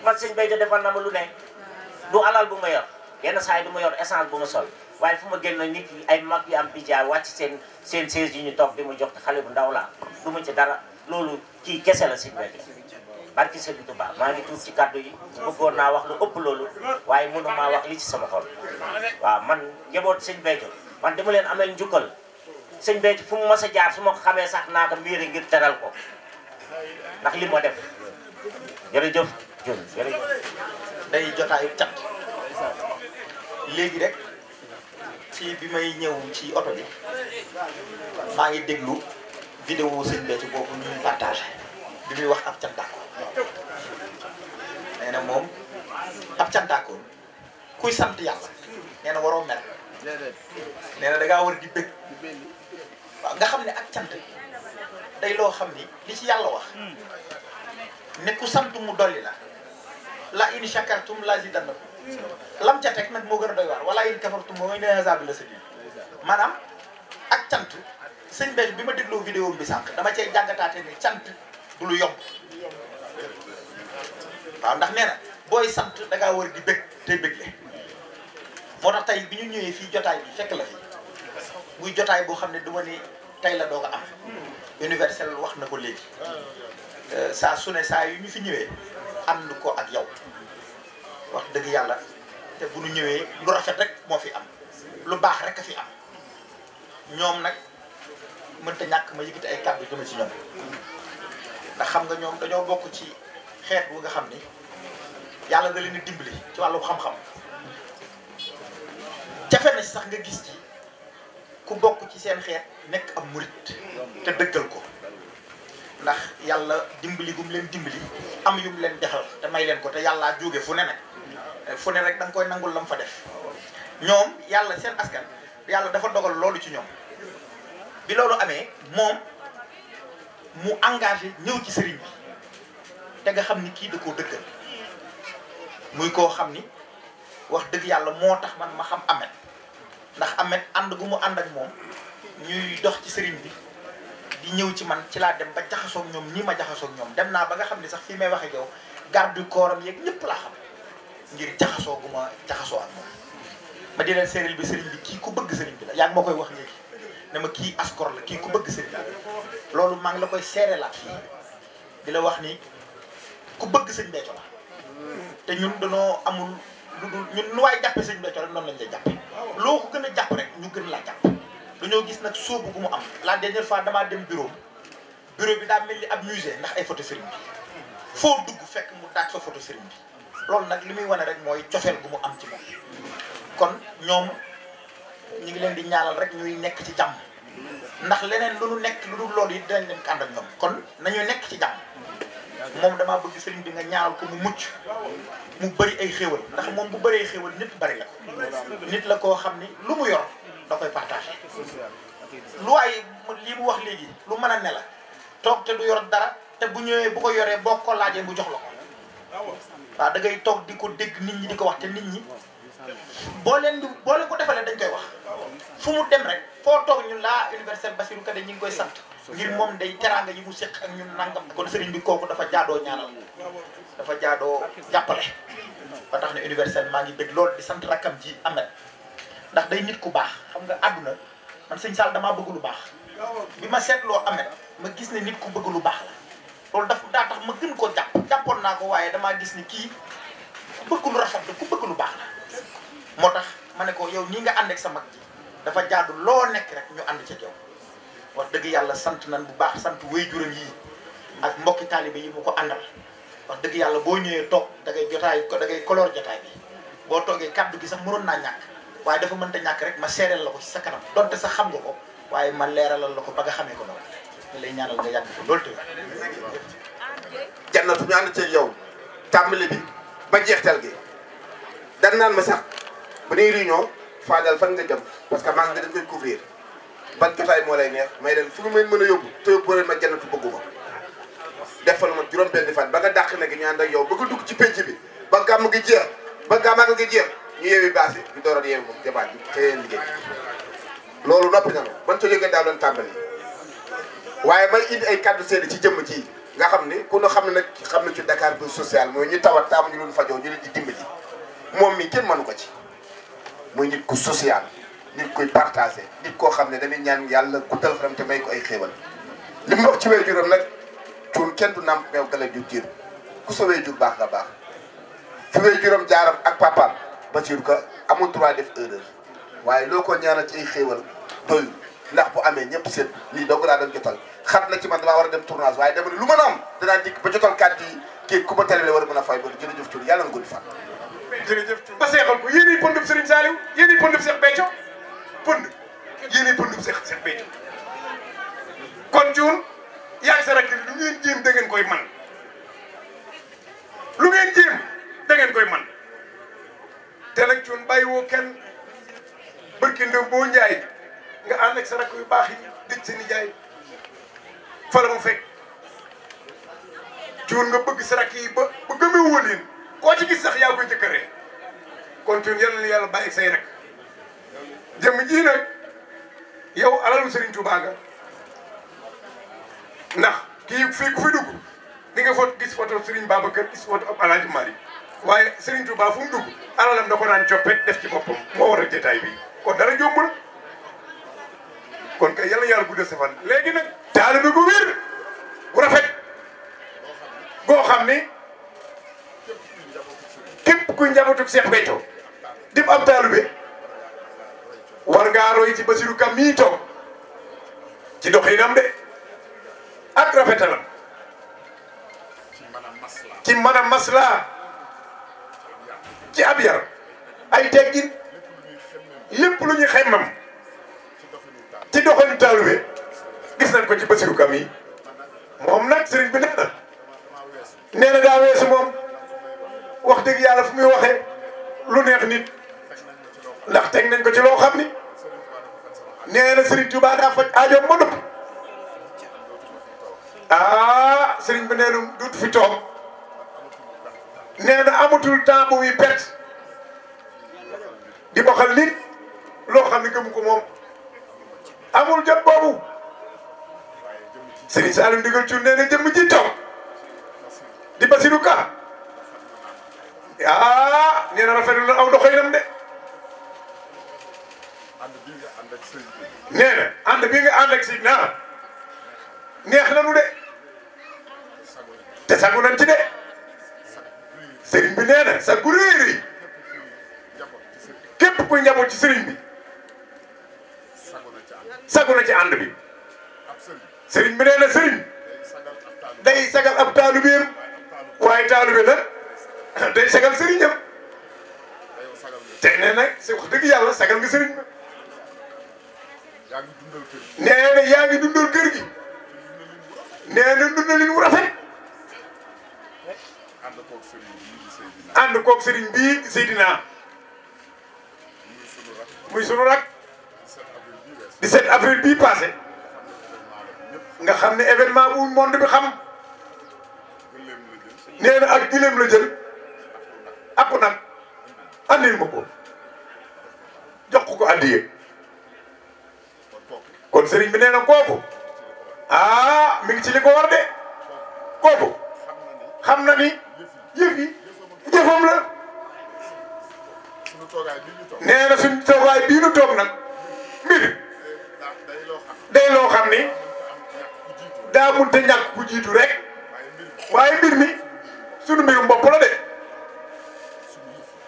man bay jé defal na ma lu né du alal bu ma yor yenn saa yi du ma yor essence bu ma sol waaye fu ma génn nit yi ay mag yu am pijaar wàcc seen seen chaise yi ñu toog di ma jox te xale bu ndaw laa du ma ci dara loolu kii kese la si mbéy barki Sëriñ Tuubaa maa ngi tuub ci kàddu yi bëggoon naa wax lu ëpp loolu waaye mënu maa wax li ci sama xol waaw man njaboot sëñ Béthio man dama leen ameel njukkal sëñ Béthio fu ma mas a jaar su ma ko xamee sax naa ko miiri ngir teral ko ndax li ma def jërëjëf Diop jërëjëf. day jotaayu cat. léegi rek ci bi may ñëw ci oto bi maa ngi déglu vidéo sëñ Béthio boobu ñuy partagé bi muy wax ab cantaako nee na moom ab cantaako kuy sant yàlla nee na waroo mer nee na war di bëgg waaw nga xam ne ak cant day loo xam ni li ci yàlla wax ne ku sant mu dolli la la in shakartum la zidannakum lam ca teg nag moo gën a doy waar wala in kafartum mooy ne azabi sa biir ak cant sëñ Bello bi ma dégloo vidéo bi sànq dama cee jàngataate ni cant du lu yomb waaw ndax nee booy sant danga ngaa war di bëgg tey bëgg le moo tax tey bi ñu ñëwee fii jotaay bi fekk la fi muy jotaay boo xam ne duma ni tey la doo a am universel wax na ko léegi euh, saa su ne saa yu ñu fi ñëwee ànd ko ak yow wax dëgg yàlla te bu nu ñëwee lu rafet rek moo fi am lu baax rek a fi am ñoom nag mënta ñàkk ma yëkkati ay kàddu jëme ci ñoom ndax xam nga ñoom dañoo bokk ci xeet wu nga xam ni yàlla nga leen di ci wàllu xam-xam jafe na sax nga gis ci ku bokk ci seen xeet nekk am murit te dëggal ko ndax yàlla dimbali gum leen dimbali am yum leen defal te may leen ko te yàllaa jóge fu ne nag fu ne rek da koy nangul lam fa def ñoom yàlla seen askan yàlla dafa dogal loolu ci ñoom bi loolu amee moom mu engage ñëw ci sëriñ bi te nga xam ni kii da koo dëggal muy koo xam ni wax dëgg yàlla moo tax man ma xam amet ndax Ameth ànd gu mu ànd ak moom ñuy dox ci sëriñ bi di ñëw ci man ci laa dem ba jaxasoog ñoom nii ma jaxasoog ñoom dem naa ba nga xam ni sax fii may waxee yow garde du corps am yeeg ñëpp laa xam ngir jaxasoo gu ma jaxasoo ak moom ma di leen bi sëriñ bi kii ku bëgg sëriñ bi la yaa ngi ma koy wax léegi ma kii askor la kii ku bëgg sëriñ loolu maa ngi la koy séeréelaat fii di la wax ni ku bëgg sëñ Béthio te ñun danoo amul lu dul lu waay jàppe sëñ Béthio rek noonu lañ lay jàppe loo ko gën jàpp rek ñu la jàpp dañoo gis nag sóobu gu am la dernière fois damaa dem bureau bureau bi daa mel ni ak musée ndax ay photo sëriñ bi foo dugg fekk mu daaj fa photo sëriñ bi loolu nak li wone rek moy cofeel gumu am ci mom kon ñom ñi ngi leen di ñaanal rek ñuy nekk ci jamm ndax leneen lu nu nekk lu dul loolu yi dinañ leen ànd ak kon nañu nekk ci jamm mom dama bëgg sëriñ bi nga ñaanal ko mu mucc mu bari ay xéewal ndax mom bu bari xéewal nit bari la ko nit la ko xamni lu mu yor da koy partager lu ay li mu wax legi lu mën nela tok te du yor dara te bu ñëwé bu ko yoré bokko laaje mu jox la ko waaw dangay toog di ko dégg nit ñi di ko wax te nit ñi boo leen di boo leen ko defalee dañ koy wax fu mu dem rek foo toog ñu laa universel Bassirou Kane ñu ngi koy sant ngir moom day teraanga yi mu séq ak ñun nangam kon sëriñ bi kooku dafa jaadoo ñaanal dafa jaadoo jàppale ba tax ne universel maa ngi bëgg di sant rakkam ji amet ndax day nit ku baax xam nga àdduna man sëñ Sall damaa bëgg lu baax bi ma seetloo amet ma gis ne nit ku bëgg lu baax la loolu daf daa tax ma gën koo jàpp jàppoon naa ko waaye damaa gis ni kii bëgg lu rafet la ku bëgg lu baax la moo tax ma ne ko yow nii nga ànd ak sa mag ji dafa jaadu loo nekk rek ñu ànd ca yow wax dëgg yàlla sant nan bu baax sant waajuram yi ak mbokki taalibe yi mu ko àndal wax dëgg yàlla boo ñëwee toog dangay ngay jotaay da ngay koloor jotaay bi boo toogee kàddu gi sax mënoon naa ñàkk waaye dafa mënta ñàkk rek ma seereel la ko ci sa kanam donte sax xam nga ko waaye ma leeralal la ko ba nga xamee ko te lay ñaanal loolu tamit jannatu ñu ànd ceeg yow tàmbali bi ba jeextal gi dan naan ma sax bu ñuy réunion faadal fan nga jëm parce que maa ngi dañ koy couvrir ban jotaay moo lay neex may leen fu mu mën a yóbbu te yóbbu leen ma jannatu bëgguma defal ma juróom benn fan ba nga dàq ne gi ñu ànd ak yow ba nga dugg ci penc bi ba gàmm gi jeex ba gàmmaaka gi jeex ñu yeewi baas yi ñu door a yeewu moom jabaat bi te leen liggéey loolu noppi na ma ban ca jógee daaw leen tàmbali waaye bay indi ay kàddu seede ci jëmm ji nga xam ni ku ñu xam ne nag xam na ci Dakar bu social mooy ñu tawal taamu ñu doon fajoo ñu leen di dimbali moom mi kenn mënu ko ci muy nit ku social nit kuy partagé nit koo xam ne dañuy ñaan yàlla guddal faram te may ko ay xéewal li mu wax ci waajuram nag cuun kenn du nàmp meew gala jur jiir ku sa waajur baax nga baax fi waajuram jaaram ak papaam ba jur ko amul droit def erreur waaye loo ko ñaanal ci ay xéewal doyul ndax bu amee ñëpp seet lii dong laa doon jotal xam na ci man damaa war a dem tournage waaye dama ne lu ma am danaa dikk ba jotal kàddu yi kii ku ma télé war a mën a fay ba jërëjëf tur yàlla nga gudd fan. jërëjëf tur ba seexal ko yéen i pëndub Serigne Saliou yéen i pëndub Cheikh Béthio pënd i pëndub Cheikh Cheikh Béthio kon cuun yaag sa rakk lu ngeen jéem da koy man lu ngeen jéem da koy man te nag cuun bàyyiwoo kenn barki ndëm boo nga ànd ak sa rakk yu baax yi dëj nijaay fa mu fekk cuun nga bëgg sa rakk yi ba ba gëmee woo koo ci gis sax yaa koy jëkkëree kon cuun yal na yàlla bàyyi say rek jëm jii nag yow alalu Serigne nga ndax kii fii ku fi dugg di nga foot gis foto Serigne Babacar gis foto ab Alaaji Malick waaye Serigne Touba fu dugg alalam da def ci boppam moo war a bi kon dara jombul kon kay yàlla yàlla bu sa fan léegi nag taalibe gu wér bu rafet goo xam ni képp ku njabootu Seex Béthio dim am taalibe war ngaa roy ci Basiru Ka mii toog ci doxinam de ak rafetalam ci mën a maslaa ci ab yar ay teggin lépp lu ñuy xemmam ci doxalin taalibe gis nañ ko ci Basiru Kam yi moom nag sëriñ bi nee na nee na weesu moom wax dëgg yàlla fu muy waxee lu neex nit ndax teg nañ ko ci loo xam ni nee na sëriñ Tuubaa daa faj aajoom ma noppi ah, sëriñ bi nee na duut fi toog nee amatul temps bu muy perte di waxal nit loo xam ne gëmu ko moom. amul jot boobu Serigne Saliou ndigal Thioune nee na jëmm ji toog di Basirou Ka ah nee na rafetlu na aw doxalinam de nee na ànd bi nga ànd ak si neex na nu de te sagu nañ ci de Serigne bi nee na képp kuy njaboot ci Serigne bi. sagu na ci ànd bi sëriñ bi nee na sëriñ day sagal ab taalubeem waaye taalube nag day sagal sëriñam te nee nag si wax dëgg yàlla sagal nga sëriñ ma nee na yaa ngi dundal kër gi nee na dundalin wu rafet ànd koog sëriñ bii Seydina muy sunu 17 avril bii passé nga xam ne événement bu monde bi xam nee na ak gileem la jël app nag ma ko jox ko addiye kon sëriñ bi nee na kooku ah mi ngi ci li ko war de kooku xam na ni yëf yi jëfam la nee na toogaay bii nu toog nag mbir day loo xam ni daa te ñàkk ku jiitu rek waaye mbir mi sunu mbirum bopp la de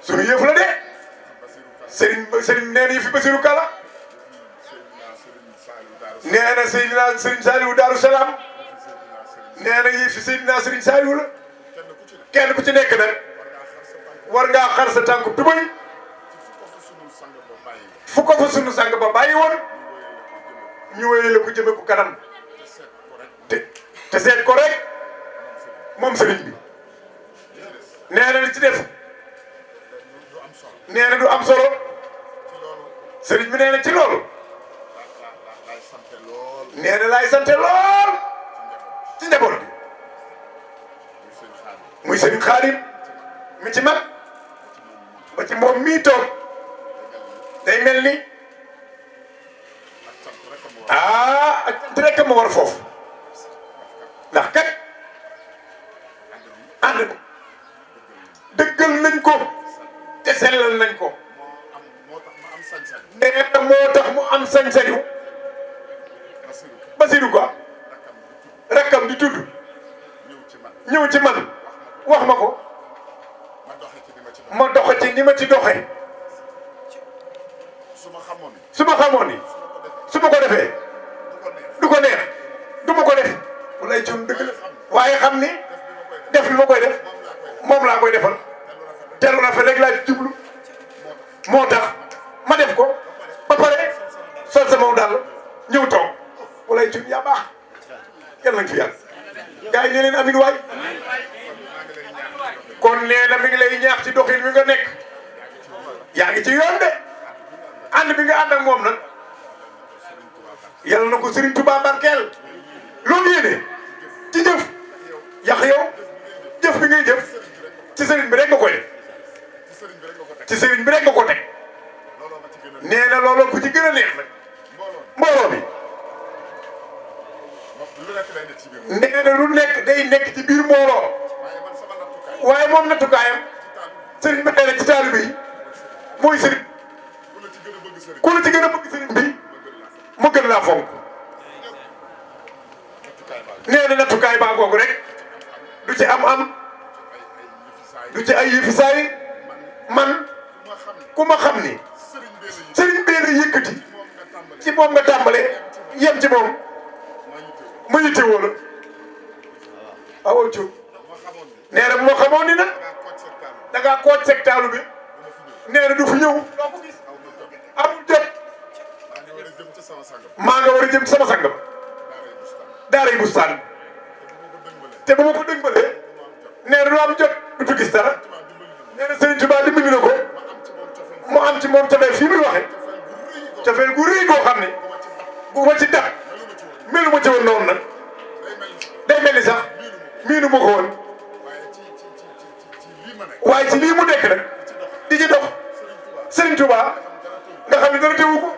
sunu yëf la de sëriñ sëriñ nee na yëfi Basiru Kala nee na Seydina Sëriñ Saaliwu yëfi Seydina Sëriñ kenn ku ci nekk nag war ngaa xar sa tànku tubay fu sunu sang ba bàyyi woon ñu wéyale ko jëme ko kanam te te seet ko rek moom sëriñ bi nee na ci def nee du am solo sëriñ bi nee ci loolu nee na laay sante lool ci njaboot muy sëriñ Xaadim mi ci mag ba ci moom mii toog day mel ni. ah ak cant rek ma war foofu ndax kat ànd bi dëggal nañ ko te sellal nañ ko nee na moo tax mu am sañ-sañu Basiru ko am di tudd ñëw ci man wax ma ko ma doxe ci ni ma ci doxe su ma xamoon ni su ma ko defee du ko neex du ma ko def bu lay coono dëgg la waaye xam ni def li ma koy def moom laa koy defal te lu rafet rek laa jublu moo tax ma def ko ba pare sol sama daal ñëw toog bu lay coono yaa baax yàlla nañ fi yàlla. gars yi nee leen amin waay kon nee ngi ci doxin mi nga nekk yaa ngi ci yoon de ànd bi nga ànd ak moom na yal na ko Serigne Touba barkeel loolu yéene ci jëf yax yow jëf bi ngay jëf ci sëriñ bi rek nga ci sëriñ bi rek nga ko teg nee na looloo ku ci gën a neex nag mbooloo bi nee na lu nekk day nekk ci biir mbooloo waaye moom nattukaayam sëriñ bi nee na ci taalibe yi mooy sëriñ ku la ci gën a bëgg sëriñ bi. mu gën laa fonk nee na nattukaay baa googu rek du ci am-am du ci ay yëfi man ku xam ni sëriñ benn yëkkati ci moom nga tàmbale yem ci moom mu yitte woo la awo cub nee na xamoon ni nag da kooj seg bi nee du fi ñëw maa nga war a jëm sama sang ba daaray bustaan te bu ma ko dëngalee nee na lu am jot du ci gis dara nee na Sëriñ Tuubaa dimbali na ko mu am ci moom cofeel fii muy waxe cofeel gu rëy goo xam ne bu ma ci def melu ma ci woon noonu nag day mel ni sax miinu ma ko woon waaye ci lii mu nekk nag di ci dox Sëriñ Tuubaa nga xam ne dara teewu ko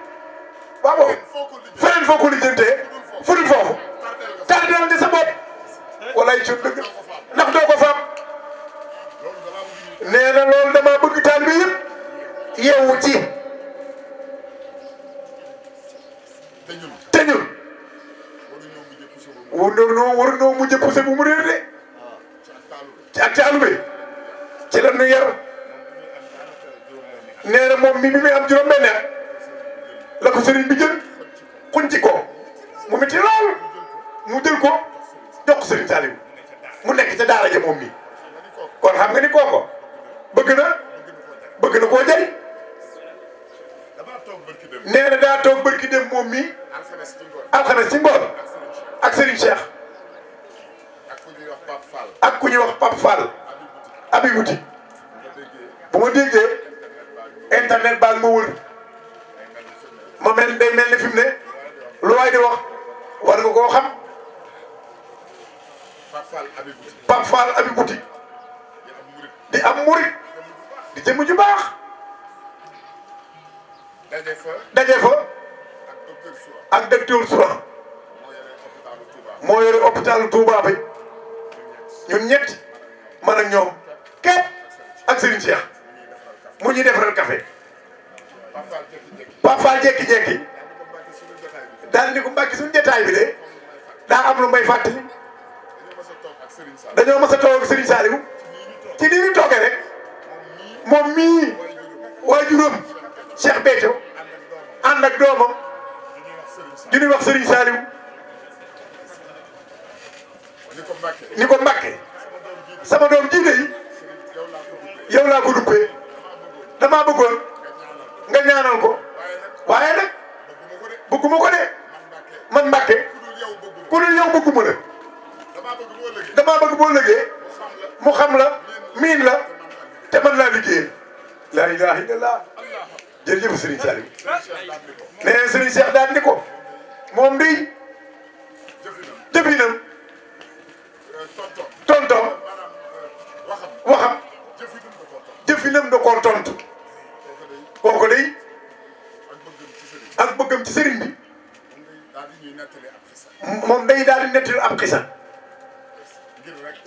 waaw boobu feneen foo ko lijjantee fu dul foofu tardeel nga sa bopp walaay ci dëgg ndax doo ko faam nee na loolu dama bëgg taal bi yeewu ci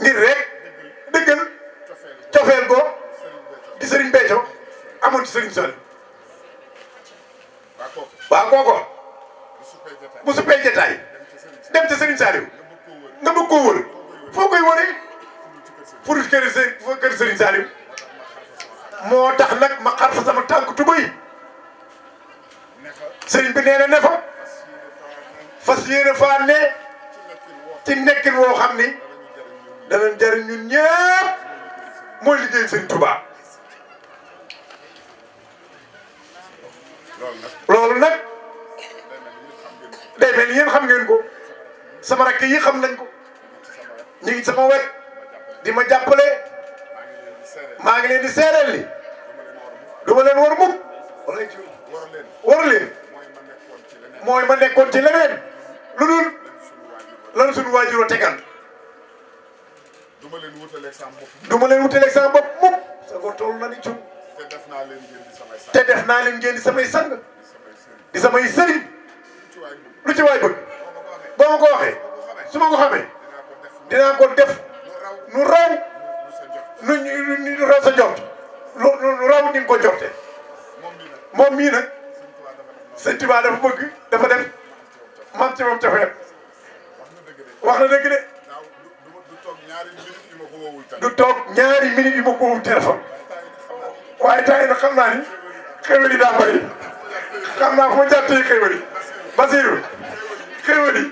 ngir rek dëggal cofeel ko di Serigne Béthio amoon ci Serigne Saliou waaw bu suppee jotaay dem ci Serigne Saliou nga bëgg koo foo koy wëree furut kër Serigne kër moo tax nag ma xar sama tànk tubay Serigne bi nee na ne fa fas yéene faa ne ci nekkin woo xam ni. danañ jariñ ñun ñëpp mooy liggéey si Tuubaa loolu nag day mel ni yéen xam ngeen ko sama rakk yi xam nañ ko ñu ngi sama wet di ma jàppale maa ngi leen di seereel li du ma leen war mukk war leen mooy ma nekkoon ci leneen lu dul lan suñu waajuroo tegal du ma leen wutaleeg sama bopp. du ma leen wutaleeg sama bopp mukk. sa góor toll na ni cun. te def naa leen ngeen di samay sang. te def naa leen ngeen di samay sang. di samay sëriñ. lu ci waay bëgg. boo ma ko waxee. su ma ko xamee. dinaa ko def. nu raw. nu ñu raw sa njort. lu raw ni nga ko njorte. moom mii nag. sëñ Tuubaa dafa bëgg dafa def. man ci moom cofeem. wax na dëgg de. du toog ñaari minutes yu ma ko wowul téléphone waaye temps na xam naa ni xéwal yi daa bëri xam naa fu ma jàttee xéwal yi Basiru xéwal yi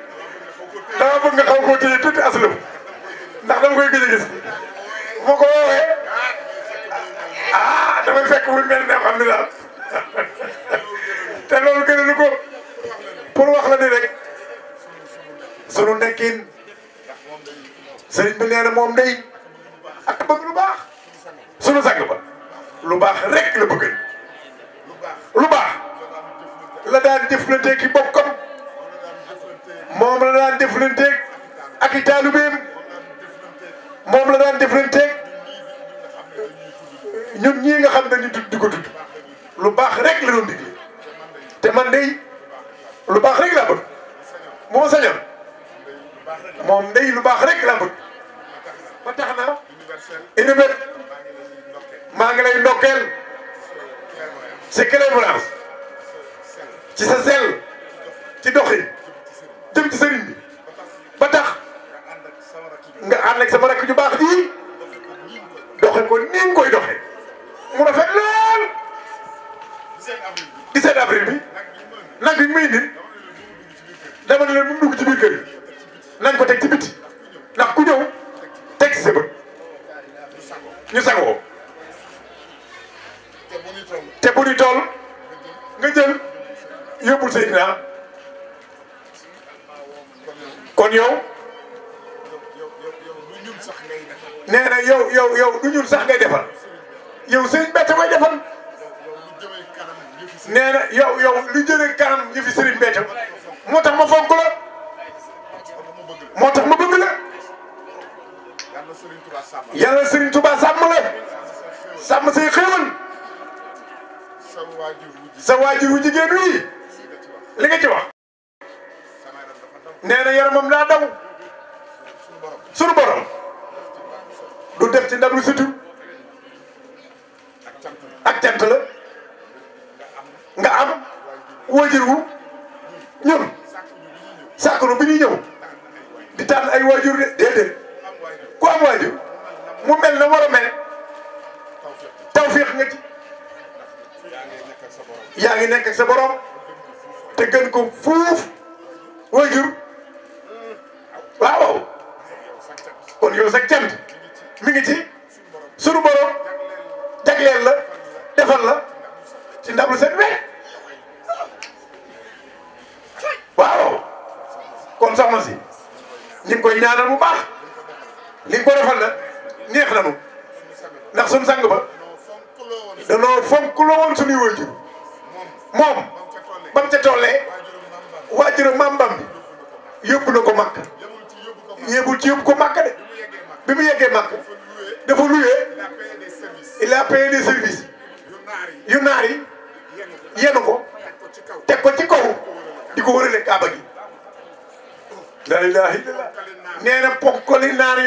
dama bëgg nga xaw koo téye tuuti aslum ndax dama koy gëj gis bu ko woowee ah damay fekk muy mel ne xam ne daal te loolu gënalu ko pour wax la ni rek sunu nekkin. sëriñ bi nee moom day ak bëgg lu baax su sunu sang ba lu baax rek la bëgg lu baax la daan jëflanteeg ki bokkam moom la daan jëflanteeg ak i taalubeem moom la daan jëflanteeg ñun ñii nga xam ne ñu tudd lu baax rekk la doon digle te man day lu baax rek laa bëgg moo sañoon moom ndey lu baax rek la bëgg ba tax na univers maa ngi lay ndokkeel ci clairvoyance ci sa sel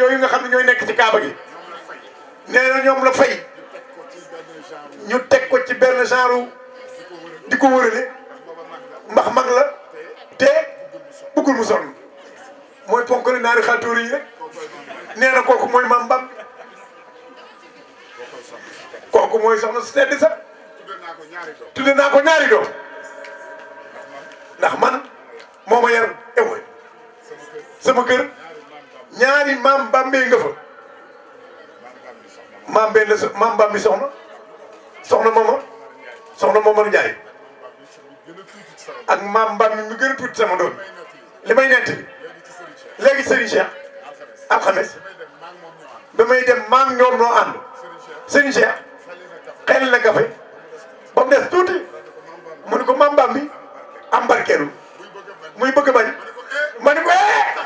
yooyu nga xam ne ñooy nekk ci kaaba gi nee na ñoom la fay ñu teg ko ci benn genre di ko mbax mag la te bëggul mu sonn mooy ponkali naari xaatuur yi rek nee na kooku mooy maam Mbam kooku mooy soxna su tedd sax tudde naa ko ñaari doom ndax man moo ma yar ewe sama kër ñaari maam Bambey nga fa maam benn so maam Bambi soxna soxna Momar soxna Momar Ndiaye ak maam Bambi mu gën a tuuti sama doon li may nett bi léegi Serigne Cheikh alxames damay dem maam ñoom noo ànd Serigne Cheikh xel na gafe ba des tuuti mu ko maam Bambi am barkeelu muy bëgg bañ ma ne ko eh!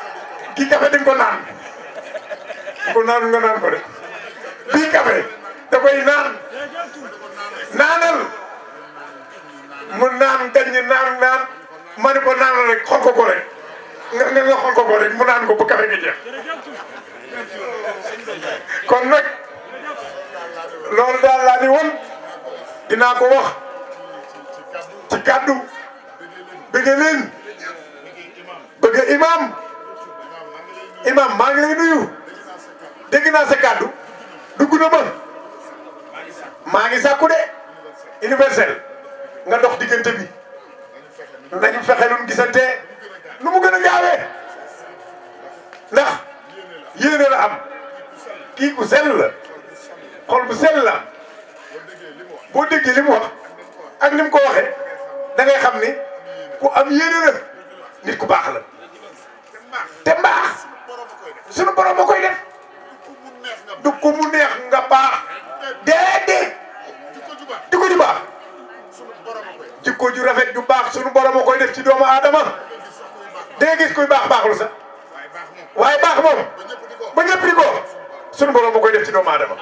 kii café di nga naan bu ko naanul naan ko de bii café da koy naan naanal mu naan gàj naan naan ma ko naanal rek xol ko rek nga nga nga xol ko rek mu naan ko ba café nga jeex kon nag loolu daal laa ni woon dinaa ko wax ci kàddu bëgg leen bëgg imam imam maa ngi lay nuyu dégg naa sa kàddu dugg na ma maa ngi sàkku de universel nga dox diggante bi nañu fexe lu gisante nu mu gën a gaawee ndax yéene la am kii ku sell la xol bu sell la boo déggee li mu wax ak ni mu ko waxee da xam ni ku am yéene la nit ku baax la te mbaax suñu borom ma koy def du ko mu neex nga baax déedéet jikko ju baax jikko ju rafet ju baax suñu borom ma koy def ci doomu aadama dee gis kuy baax baaxul sax waaye baax moom ba ñëpp di ko suñu borom ma koy def ci doomu aadama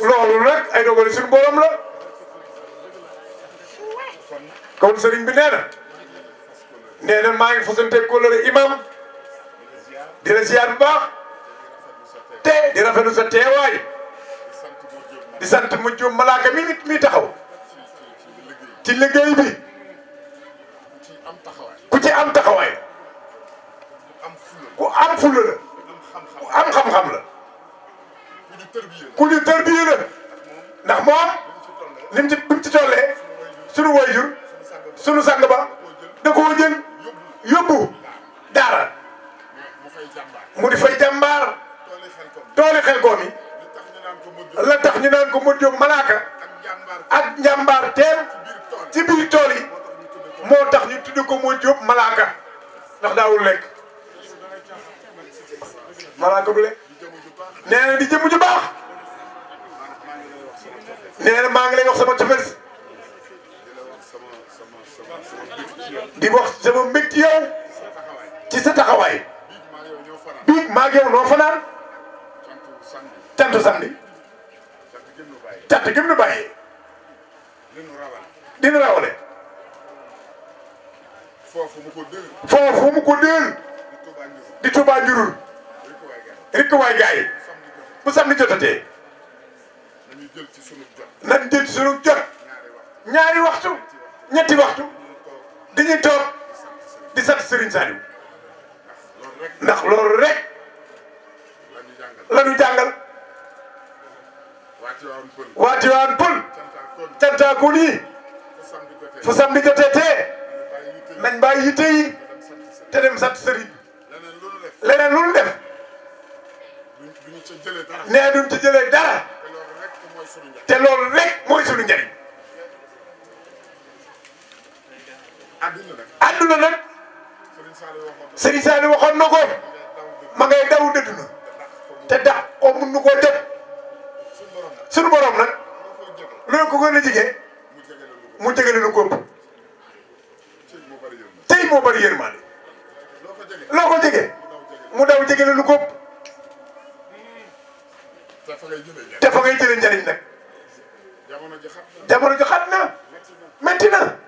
loolu nag ay dogal suñu borom la kon sëriñ bi nee nee na maa ngi fasanteeg kóllëre imam di la ziar bu baax te di rafetlu sa teewaay di sant mujj malaaka mi mi taxaw ci liggéey bi ku ci am taxawaay ku am fula la ku am xam-xam la ku di tërbiye la ndax moom lim ci bi mu ci tollee sunu wayjur sunu sang ba da koo jël. yóbbu daara mu di fay jàmbaar tooli xel koom la tax ñu naan ko mu jóg malaaka ak njàmbaar teem ci biir tool moo tax ñu tudd ko mu jóg malaaka ndax daawul lekk malaaka bu lekk nee na di jëmm ju baax nee maa ngi lay wax sama cofeel di wax sama mbég ci yow ci sa taxawaay biig maa ngi yow noo fanaan cant samedi cant gëm nu bàyyi dina rawale foofu mu ko déel di Tuubaa njurul rikk waay gaay bu samedi jotatee nañ jël ci sunu jot ñaari waxtu ñetti waxtu dañuy toog di sant Serigne Saliou ndax loolu rek la ñu jàngal waa Tivaouane Peulh cantaakun yi fu samedi jotee tee nañ bàyyi yitte yi te dem sant Serigne leneen lu ñu def nee duñ ci jëlee dara te loolu rek mooy sunu njariñ. adduna nag Serigne Saliou waxoon na ko ma ngay daw dëdduna te dax ko mun nu koo def suñu borom nag loolu ko gën a jigee mu jegele lu góob tey moo bëri yërmande loo ko jege mu daw jegele lu góob te fa ngay jëlee njëriñ nag jamono ji xat na metti na.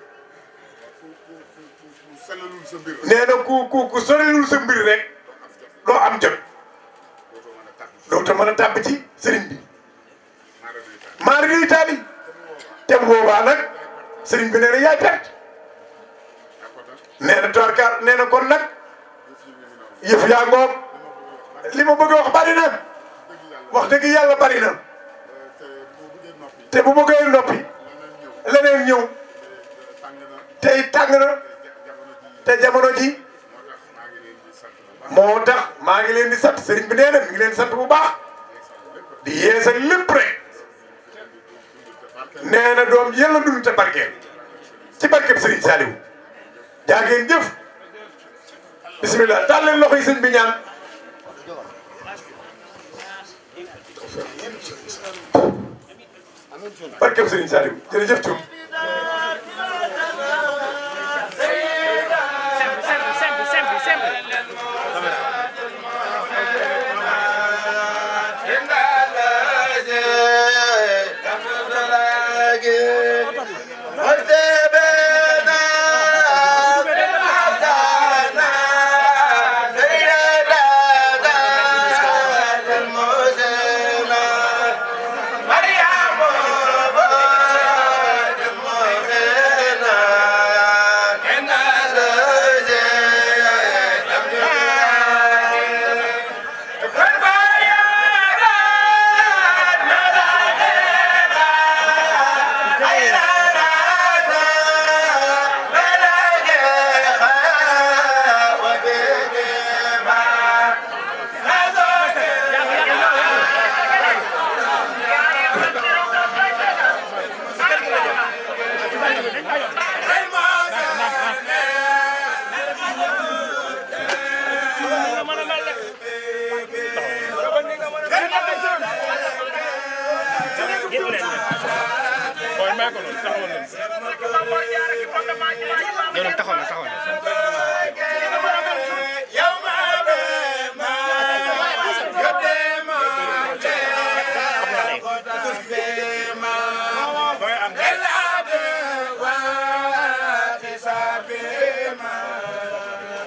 nee na ku ku ku sorelul sa rek doo am jot dootoo mën a tàbb ci sëriñ bi maari day taali te bu boobaa nag sëriñ bi nee na yaay perte nee na toirkar kon nag yëf yaa ngoog li ma bëgg a wax bari na wax dëgg yàlla bari na te bu bëggee noppi leneen ñëw tey tàng na te jamono ji moo tax maa ngi len di sat serigne bi neena ngi len sat bu baax di yeesal lepp rek neena dom doom yàlla dund te barke ci barke serigne saliw jaa ngeen jëf bismillah taal leen loxo yi bi ñaan barkeb sëriñ Saliou jërëjëf Thioum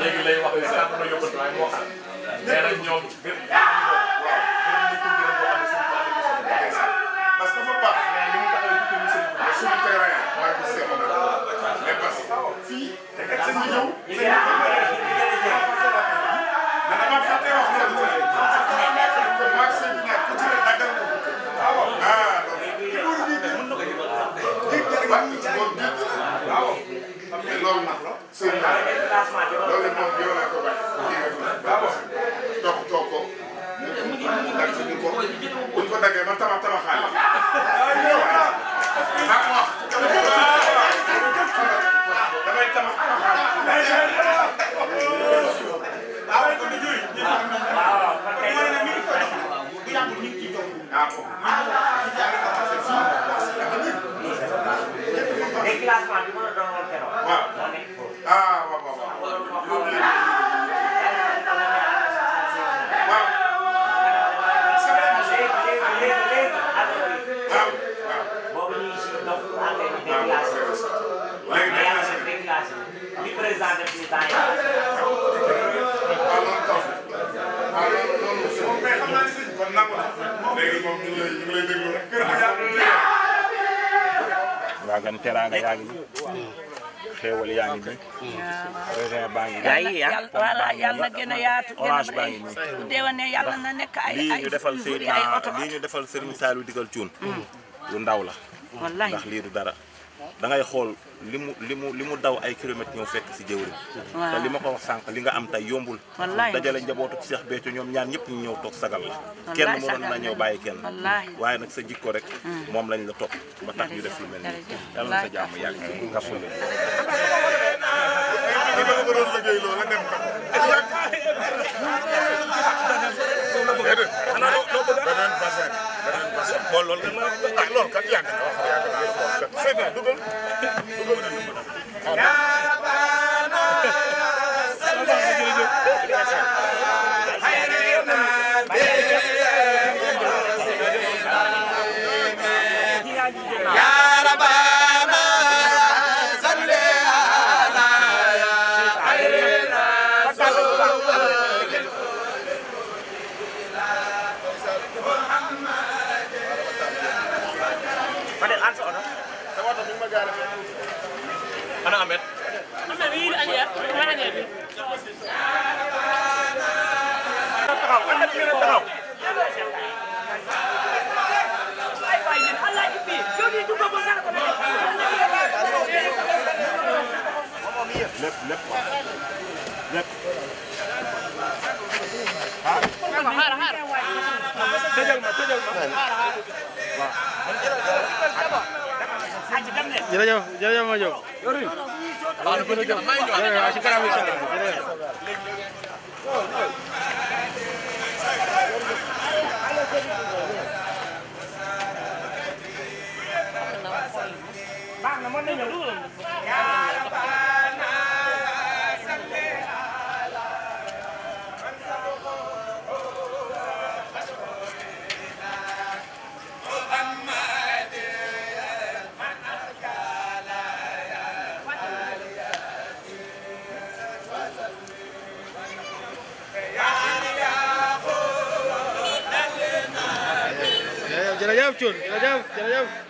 léegi lay wax ne sax dama yóbbu dama wax nee nañ ñoom suñu terrain mooy bu seetlu na mais parce que fii da nga ci ñëw da nga ma fàtte wax ne loolu nag sëñ bi loolu moom yow laa ko bàyyi kii toog toog ko. ko buñ ko daggee man tabax tabaxaale Gracias. waa gan teraanga yaa ngi nii xéewal yaa ngi nii. raisin baa ngi yàlla na gën a yaatu. orange baa ngi nii. bu déwénee yàlla na nekk ay ay lii ñu defal Serigne Saliou digal cuun mm. lu ndaw la. ndax lii du dara. da ngay xool li mu li mu li mu daw ay kilomètres ñëw fekk si jëwriñ te li ma ko wax sànq li nga am tey yombul dajale njabootu Cheikh Béthio ñoom ñaar ñëpp ñu ñëw toog sagal la kenn mënoon na ñëw bàyyi kenn waaye nag sa jikko rek hmm. moom lañ la topp ba tax ñu def lu mel nii yàlla na sa jàmm yàgg nga ful leen déedéet beneen bassin beneen bassin bon loolu ah loolu kat yàgg na wax yàgg na wax xëy na dugal dugal na gën a taxaw. lépp lépp waaw lépp. ah. tëjal ma tëjal ma. waaw. jërëjëf jërëjëf ma jóg. waaw jërëjëf waaw si kanam jërëjëf Thioune jërëjëf jërëjëf